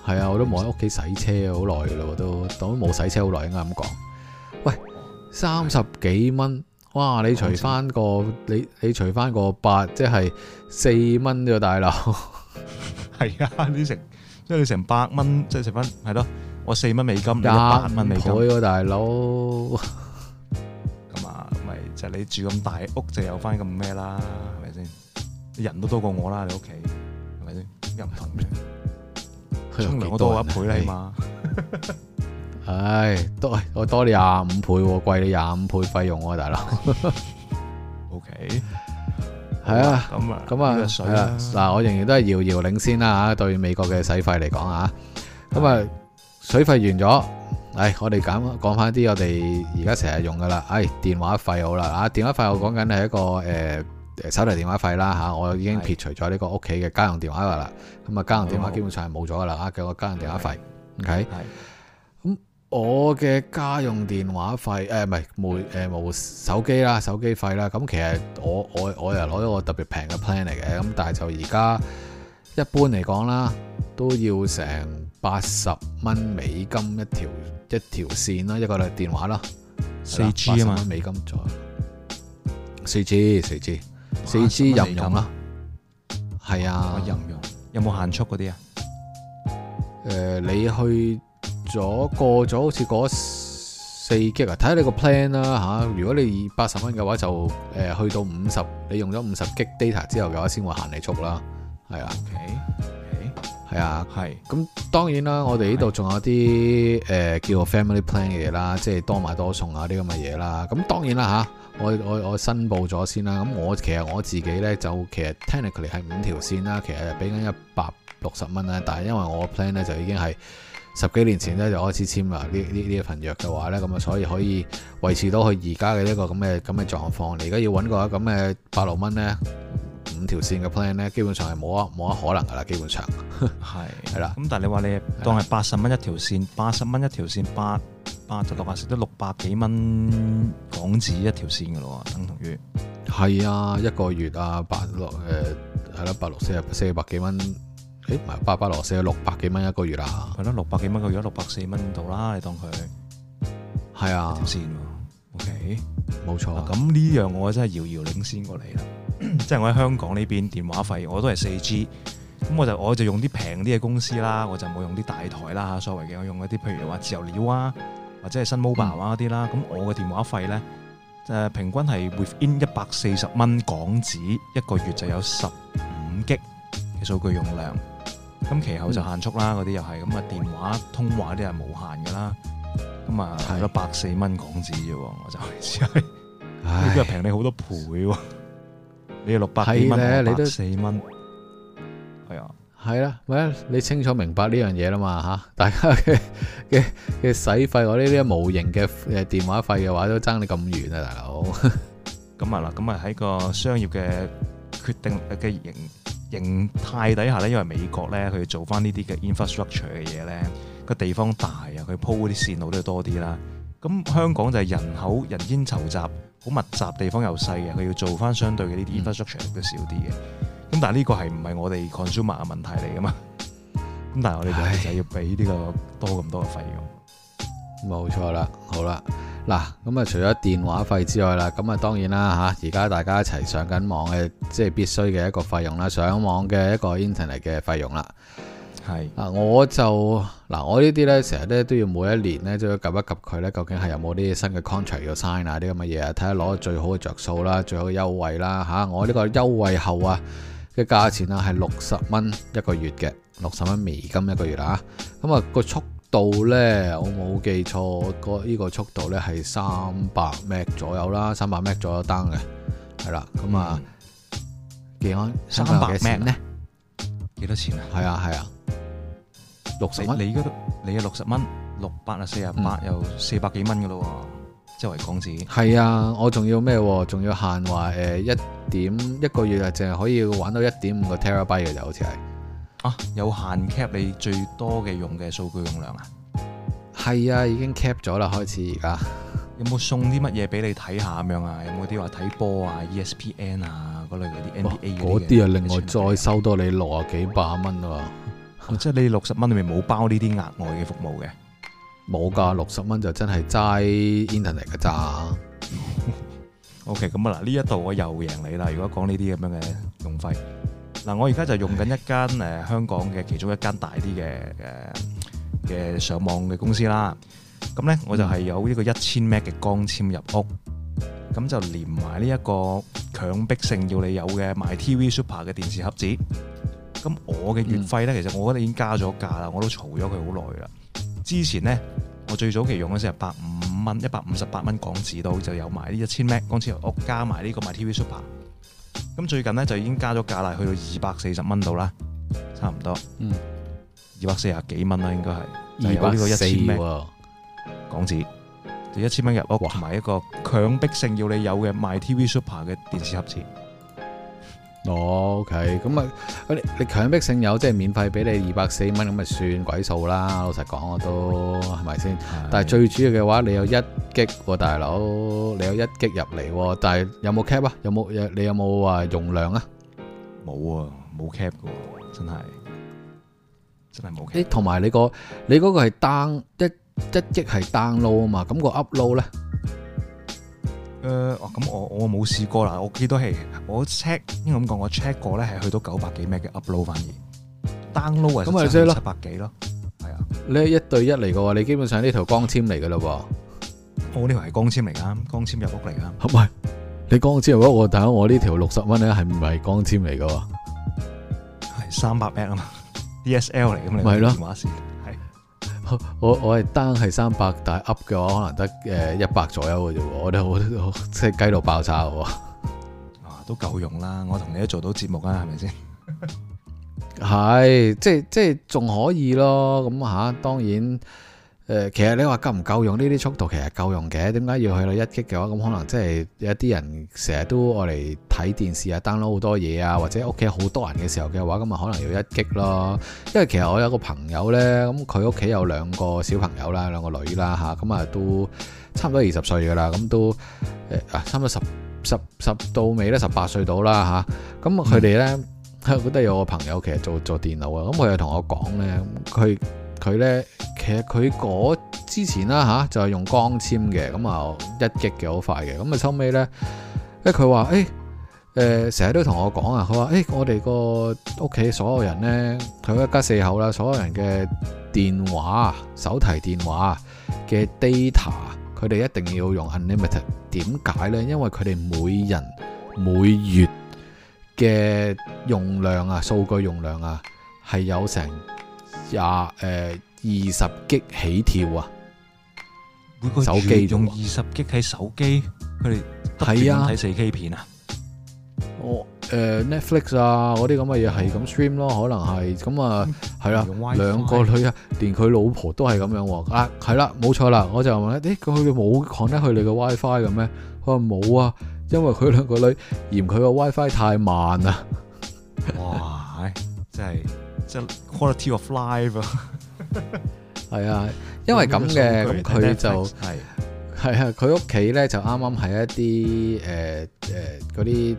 係啊，我都冇喺屋企洗車好耐噶咯，我都都冇洗車好耐，應該咁講。喂，三十幾蚊，哇！你除翻個你，像你除翻個八，即係四蚊啫，大佬。係啊，你成即係你成百蚊，即係食翻。係咯，我四蚊美金，你八蚊美金，大佬。咁啊，咪就係你住咁大屋，就有翻咁咩啦？係咪先？人都多過我啦，你屋企係咪先？唔同。 多我，我多一倍啦、啊、嘛，唉，多我多你廿五倍，貴你廿五倍費用喎、啊，大佬。OK，係啊，咁啊，水啊，嗱，我仍然都係遙遙領先啦、啊、吓，對美國嘅使費嚟講啊，咁啊，是的 水費完咗，唉、哎，我哋講講翻啲我哋而家成日用噶啦，唉、哎，電話費好啦，啊，電話費我講緊係一個誒。呃手提電話費啦嚇，我已經撇除咗呢個屋企嘅家用電話㗎啦。咁啊的，家用電話基本上係冇咗㗎啦嚇，嘅個的家用電話費。OK，咁我嘅家用電話費，誒，唔係冇誒，冇手機啦，手機費啦。咁其實我我我又攞咗個特別平嘅 plan 嚟嘅，咁但係就而家一般嚟講啦，都要成八十蚊美金一條一條線啦，一個電話啦，四 G 啊嘛，美金左，四 G 四 G。四 G 任用啦，係啊，任用有冇限速嗰啲啊？誒，你去咗過咗好似過四 G 看看啊？睇下你個 plan 啦吓，如果你八十蚊嘅話就誒、啊、去到五十，你用咗五十 G data 之後嘅話先會限你速啦，係啊。Okay. 係啊，係是。咁當然啦，我哋呢度仲有啲誒、呃、叫做 family plan 嘅嘢啦，即係多買多送啊啲咁嘅嘢啦。咁當然啦吓，我我我申報咗先啦。咁我其實我自己呢，就其實 technically 係五條線啦，其實俾緊一百六十蚊啦。但係因為我 plan 呢，就已經係十幾年前呢，就開始簽啦，呢呢呢一份約嘅話呢。咁啊所以可以維持到佢而家嘅呢個咁嘅咁嘅狀況。你而家要揾個咁嘅百六蚊呢。五條線嘅 plan 咧，基本上係冇一冇乜可能噶啦，基本上係係啦。咁 但係你話你當係八十蚊一條線，八十蚊一條線，八八就六百，成得六百幾蚊港紙一條線噶咯，等同於係啊，一個月啊，八六誒係啦，八六四啊四百幾蚊，誒唔係八百六四啊六百幾蚊一個月啦，啊，係啦，啊，六百幾蚊一個月，六百四蚊度啦，你當佢係啊。冇錯，咁呢 Okay,、啊、樣我真係遙遙領先過嚟啦。即係、 就是、我喺香港呢邊電話費，我都係四 G，咁我就我就用啲平啲嘅公司啦，我就冇用啲大台啦吓，所謂嘅我用一啲譬如話自由鳥啊，或者係新 mobile 啊啲啦。咁、嗯、我嘅電話費咧，即、就、係、是、平均係 within 一百四十蚊港紙一個月就有十五 G 嘅數據用量。咁其後就限速啦，嗰啲又係咁啊。那個、電話通話啲係無限噶啦。咁啊，咯、嗯，百四蚊港紙啫，我就係，呢個 唉平你好多倍喎， 你要六百幾蚊，的你，你都四蚊，係啊、哎呦，係啦，咪，你清楚明白呢樣嘢啦嘛吓，大家嘅嘅使費我呢啲無形嘅誒電話費嘅話都爭你咁遠啊，大佬。咁啊嗱，咁啊喺個商業嘅決定嘅形形態底下咧，因為美國咧佢做翻呢啲嘅 infrastructure 嘅嘢咧。個地方大啊，佢鋪啲線路都要多啲啦。咁香港就係人口人煙稠集，好密集地方又細嘅，佢要做翻相對嘅呢啲 infrastructure、嗯、都少啲嘅。咁但係呢個係唔係我哋 consumer 嘅問題嚟噶嘛？咁但係我哋就係要俾呢個多咁多嘅費用。冇唉 錯啦，好啦，嗱咁啊，除咗電話費之外啦，咁啊當然啦嚇，而家大家一齊上緊網嘅，即係必須嘅一個費用啦，上網嘅一個 internet 嘅費用啦。係啊是，我就嗱，我呢啲咧，成日咧都要每一年咧都要及一及佢咧，究竟係有冇啲新嘅 contract 要 sign 啊啲咁嘅嘢啊，睇下攞到最好嘅着數啦，最好嘅優惠啦嚇、啊。我呢個優惠後啊嘅價錢啊係六十蚊一個月嘅，六十蚊美金一個月啦、啊、嚇。咁啊、個速度咧，我冇記錯，呢個速度咧係三百 Mbps 左右啦，三百 Mbps 左右單嘅，係啦。咁啊，記安三百 Mbps 咧，幾多，多錢啊？係啊，係啊的。六十蚊，你嗰度你啊六十蚊，六百啊四廿八、嗯、又四百幾蚊噶咯喎，周圍港紙。係啊，我仲要咩喎？仲要限話誒一點一個月啊，淨係可以玩到一點五個 terabyte 嘅就好似係啊，有限 cap 你最多嘅用嘅數據用量啊。係啊，已經 cap 咗啦，開始而家。有冇送啲乜嘢俾你睇下咁樣啊？有冇啲話睇波啊？ESPN 啊嗰類嗰啲、哦、NBA 嗰啲。哇，啊另外再收多你六啊幾百蚊啊。即係你六十蚊裏面冇包呢啲額外嘅服務嘅，冇㗎。六十蚊就真係齋 internet 嘅咋。OK，咁啊嗱，呢一度我又贏你啦。如果講呢啲咁樣嘅用費，嗱我而家就用緊一間誒香港嘅其中一間大啲嘅誒嘅上網嘅公司啦。咁咧我就係有呢個一千 M 嘅光纖入屋，咁就連埋呢一個強迫性要你有嘅 MyTV Super 嘅電視盒子。咁我嘅月費咧，嗯、其實我覺得已經加咗價啦，我都嘈咗佢好耐啦。之前咧，我最早期用嗰時係百五蚊，一百五十八蚊港紙到就有埋呢一千 Mbps 入屋，加埋呢個 MyTV Super。咁最近咧就已經加咗價啦，去到二百四十蚊度啦，差唔多。二百四十幾蚊啦，應該係。二百四。有呢個一千 Mbps 港紙，就一千蚊入屋，同埋哇一個強迫性要你有嘅 MyTV Super 嘅電視盒子。哦，OK，咁啊，你你強迫性有，即係免費俾你二百四蚊，咁咪算鬼數啦！老實講，我都係咪先？但係最主要嘅話，你有一擊喎，大佬，你有一擊入嚟喎，但係有冇 cap 啊？有冇？有，你有冇話容量啊？冇啊，冇 cap 嘅，真係真係冇。誒，同埋你個你嗰個係單一一擊係 download 啊嘛，咁個 upload 咧？誒，咁，呃啊、我我冇試過啦，我基都係我 check 應該咁講，我 check 過咧係去到九百幾 m 嘅 upload 反而 download 咁咪即係七百幾咯，係啊，你一對一嚟嘅話，你基本上呢條光纖嚟嘅咯，我呢條係光纖嚟噶，光纖入屋嚟噶，唔係，啊，你光纖入屋，但係我呢條六十蚊咧係唔係光纖嚟嘅，係三百 m 啊嘛，DSL 嚟咁嚟，咪係咯。我我係單係三百，但係 up 嘅話可能得誒一百左右嘅啫，我哋我我即係雞到爆炸喎，啊都夠用啦，我同你都做到節目啦，係咪先？係 即係即係仲可以咯，咁吓，啊，當然。誒，其實你話夠唔夠用呢啲速度，其實夠用嘅。點解要去到一擊嘅話，咁可能即係有啲人成日都用嚟睇電視啊，download 好多嘢啊，或者屋企好多人嘅時候嘅話，咁啊可能要一擊咯。因為其實我有一個朋友呢，咁佢屋企有兩個小朋友啦，兩個女啦嚇，咁啊都差唔多二十歲噶啦，咁都誒、啊、差唔多十十十到尾咧，十八歲到啦嚇。咁佢哋呢，嗯、我覺得有個朋友其實做做電腦啊，咁佢又同我講呢。佢。佢咧，其實佢嗰之前啦吓、啊，就係、是、用光纖嘅，咁啊一擊嘅好快嘅，咁啊收尾咧，誒佢話誒，誒成日都同我講啊，佢話誒我哋個屋企所有人咧，佢一家四口啦，所有人嘅電話、手提電話嘅 data，佢哋一定要用 unlimited，點解咧？因為佢哋每人每月嘅用量啊，數據用量啊，係有成廿誒二十 G 起跳啊！每個手機用二十 G 喺手機，佢哋睇啊，睇四 K 片啊！我誒、哦呃、Netflix 啊嗰啲咁嘅嘢係咁 stream 咯，可能係咁啊係啦。兩個女啊，連佢老婆都係咁樣啊！係、啊、啦，冇、啊、錯啦。我就問：誒，佢哋冇 connect 佢哋嘅 WiFi 嘅咩？佢話冇啊，因為佢兩個女嫌佢個 WiFi 太慢啊，哇！ 真係～即係 quality of life 啊，係啊， 因為咁嘅，咁佢 就係係啊，佢屋企咧就啱啱喺一啲誒誒嗰啲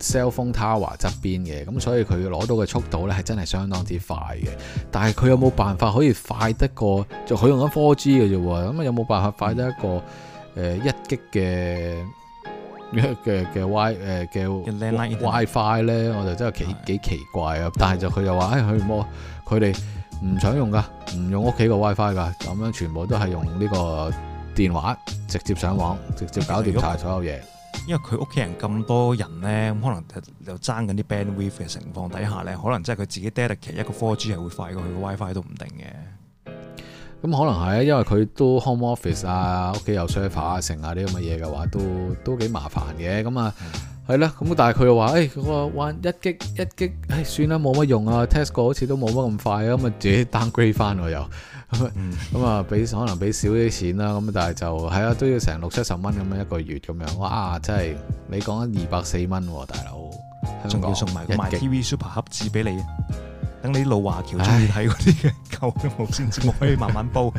cell phone tower 側邊嘅，咁所以佢攞到嘅速度咧係真係相當之快嘅。但係佢有冇辦法可以快得過？哦、就佢用緊 four G 嘅啫喎，咁有冇辦法快得一個誒一擊嘅？呃嘅嘅 WiFi 咧、呃，我就真係幾幾奇怪啊！的但係就佢又話，誒佢冇佢哋唔想用噶，唔用屋企個 WiFi 噶，咁樣全部都係用呢個電話直接上網，直接搞掂晒所有嘢。因為佢屋企人咁多人咧，咁可能又爭緊啲 bandwidth 嘅情況底下咧，可能真係佢自己 data 其一個 4G 係會快過佢個 WiFi 都唔定嘅。咁可能係啊，因為佢都 home office 啊，屋企有 server 成啊啲咁嘅嘢嘅話，都都幾麻煩嘅。咁啊，係啦、嗯。咁但係佢又話，誒嗰個玩一擊一擊、哎，算啦，冇乜用啊。test 過好似都冇乜咁快啊。咁啊，自己 down grade 翻我。又、嗯。咁啊， 俾可能俾少啲錢啦。咁但係就係啊，都要成六七十蚊咁樣一個月咁樣。哇！真係你講緊二百四蚊喎，大佬仲要送埋個 TV super 盒子俾你啊！等你啲老華僑中意睇嗰啲嘅舊嘅無線節，可以慢慢煲。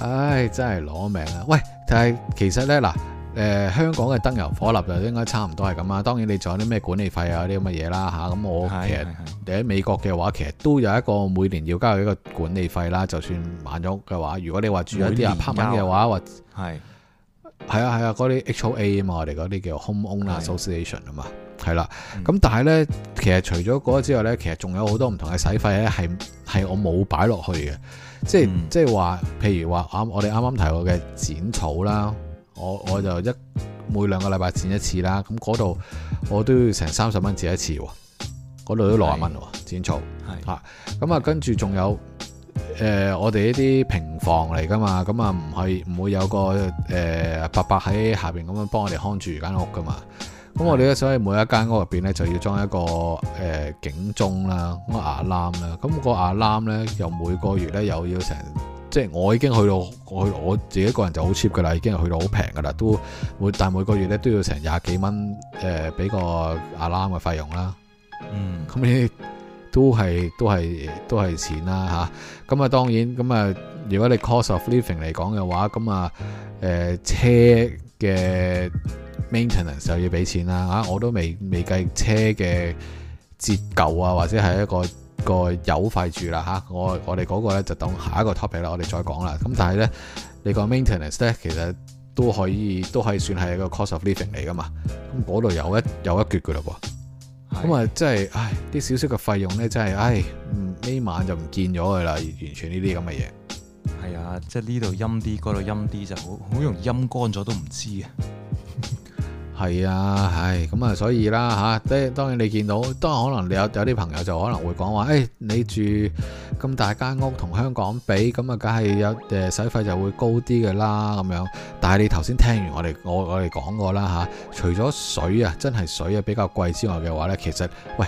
唉，真係攞命啊！喂，但係其實咧嗱，誒、呃、香港嘅燈油火蠟就應該差唔多係咁啊。當然你仲有啲咩管理費啊啲咁嘅嘢啦嚇。咁、啊、我其實你喺美國嘅話，其實都有一個每年要交一個管理費啦、啊。就算買咗嘅話，如果你話住了一啲人拍 a 嘅話，或係是。係啊係啊，嗰啲 HOA 啊那些 HO 嘛，我哋嗰啲叫 home owner association 啊嘛，係啦、啊。咁、啊、但係咧，其實除咗嗰個之外咧，其實仲有好多唔同嘅使費咧，係係我冇擺落去嘅。即係、嗯、即係話，譬如話啱，我哋啱啱提過嘅剪草啦，我我就一每兩個禮拜剪一次啦。咁嗰度我都要成三十蚊剪一次，嗰度都六十蚊喎剪草。係吓是，咁啊跟住仲有。誒、呃，我哋呢啲平房嚟噶嘛，咁啊唔係唔會有個誒、呃、伯伯喺下邊咁樣幫我哋看住間屋噶嘛，咁我哋咧所以每一間屋入邊咧就要裝一個誒、呃、警鐘啦，一個 alarm 啦，咁、個 alarm 咧又每個月咧又要成，即係我已經去到我我自己一個人就好 cheap 噶啦，已經係去到好平噶啦，都每但係每個月咧都要成廿幾蚊誒俾個 alarm 嘅費用啦，嗯，咁你？都係都係都係錢啦、啊、嚇，咁啊當然咁啊、嗯，如果你 cost of living 嚟講嘅話，咁啊誒車嘅 maintenance 就要俾錢啦嚇、啊，我都未未計車嘅折舊啊，或者係一個一個油費住啦嚇、啊，我我哋嗰個咧就等下一個 topic 啦，我哋再講啦。咁、嗯、但係咧，你個 maintenance 咧其實都可以都可以算係一個 cost of living 嚟㗎嘛，咁嗰度有一有一橛㗎嘞噃。咁啊，即係真係，唉，啲少少嘅費用咧，真係，唉，呢晚就唔見咗佢啦，完全呢啲咁嘅嘢。係啊，即係呢度陰啲，嗰度陰啲就好，好容易陰乾咗都唔知啊。係啊，係，咁啊，所以啦，吓、啊，當然你見到，當然可能你有有啲朋友就可能會講話，誒、哎，你住咁大間屋同香港比，咁啊，梗係有誒，使費就會高啲嘅啦，咁樣。但係你頭先聽完我哋我我哋講過啦，吓、啊，除咗水啊，真係水啊比較貴之外嘅話呢，其實喂，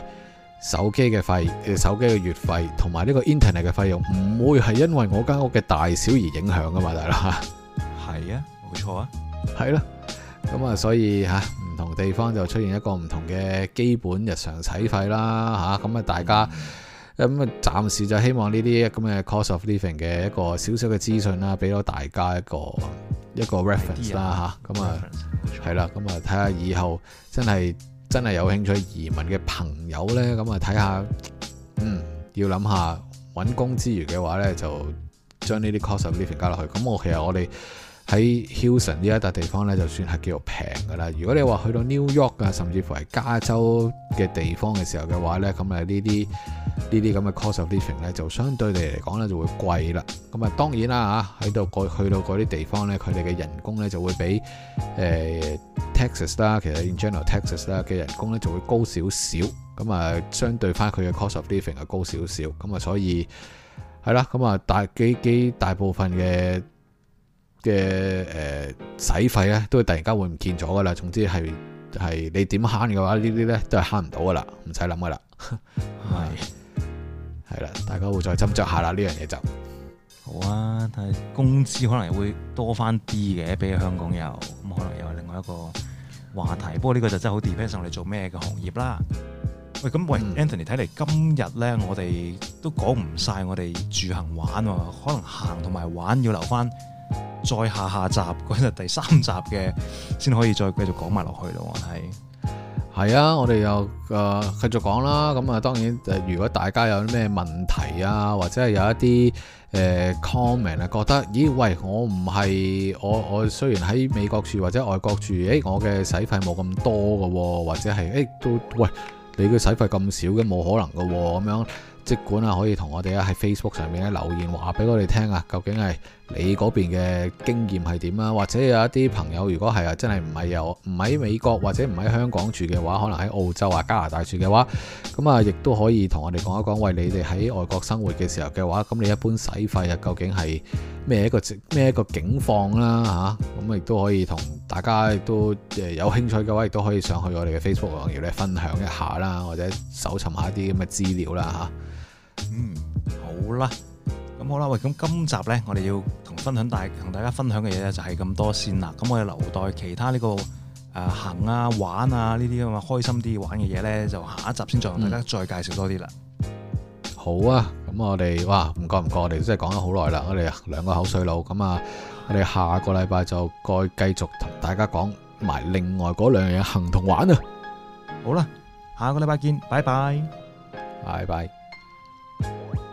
手機嘅費，手機嘅月費同埋呢個 Internet 嘅費用，唔會係因為我間屋嘅大小而影響噶嘛，大佬吓。係啊，冇錯啊，啊，係啦。咁啊，所以吓，唔同地方就出現一個唔同嘅基本日常使費啦，吓，咁啊，大家咁啊，暫時就希望呢啲咁嘅 cost of living 嘅一個小小嘅資訊啦，俾到大家一個一個 reference 啦，吓，咁啊，係啦，咁啊，睇下以後真係真係有興趣移民嘅朋友咧，咁啊，睇下嗯，要諗下揾工之餘嘅話咧，就將呢啲 cost of living 加落去。咁我其實我哋。喺 Houston 呢一笪地方咧，就算係叫做平噶啦。如果你話去到 New York 啊，甚至乎係加州嘅地方嘅時候嘅話咧，咁啊，呢啲呢啲咁嘅 cost of living 咧，就相對地嚟講咧，就會貴啦。咁、嗯、啊，當然啦嚇，喺度過去到嗰啲地方咧，佢哋嘅人工咧就會比誒、呃、Texas 啦，其實 in general Texas 啦嘅人工咧就會高少少。咁、嗯、啊，相對翻佢嘅 cost of living 係高少少。咁、嗯、啊，所以係啦，咁、嗯、啊大幾幾大部分嘅。嘅誒、呃、使費咧，都會突然間會唔見咗噶啦。總之係係你點慳嘅話，呢啲咧都係慳唔到噶啦，唔使諗噶啦，係係啦。大家會再斟酌下啦。呢 樣嘢就好啊，但係工資可能會多翻啲嘅，比起香港又咁，可能又係另外一個話題。嗯、不過呢個就真係好 depends on 我哋做咩嘅行業啦。喂，咁喂 Anthony，睇嚟、嗯、今日咧，我哋都講唔晒。我哋住行玩喎、啊，可能行同埋玩要留翻。再下下集嗰日第三集嘅，先可以再繼續講埋落去咯。係係啊，我哋又誒繼續講啦。咁、嗯、啊，當然，如果大家有啲咩問題啊，或者係有一啲誒、呃、comment 啊，覺得咦喂，我唔係我我雖然喺美國住或者外國住，誒我嘅使費冇咁多噶、哦，或者係誒都喂你嘅使費咁少嘅冇可能噶、哦，咁樣即管啊可以同我哋啊喺 Facebook 上面咧留言話俾我哋聽啊，究竟係。你嗰邊嘅經驗係點啊？或者有一啲朋友，如果係啊，真係唔係有，唔喺美國或者唔喺香港住嘅話，可能喺澳洲啊、加拿大住嘅話，咁啊，亦都可以同我哋講一講，喂，你哋喺外國生活嘅時候嘅話，咁你一般使費啊，究竟係咩一個咩一個境況啦？嚇、啊，咁亦都可以同大家都誒有興趣嘅話，亦都可以上去我哋嘅 Facebook 網頁咧分享一下啦，或者搜尋下一啲咁嘅資料啦，吓、啊，嗯，好啦。好啦，喂，咁今集呢，我哋要同分享大同大家分享嘅嘢呢，就係咁多先啦。咁我哋留待其他呢個誒行啊玩啊，呢啲咁嘅開心啲玩嘅嘢呢，就下一集先再同大家再介紹多啲啦、嗯。好啊，咁我哋哇唔覺唔覺，我哋真係講咗好耐啦。我哋啊兩個口水佬，咁啊我哋下個禮拜就該繼續同大家講埋另外嗰兩樣行同玩啊。好啦、啊，下個禮拜見，拜拜，拜拜。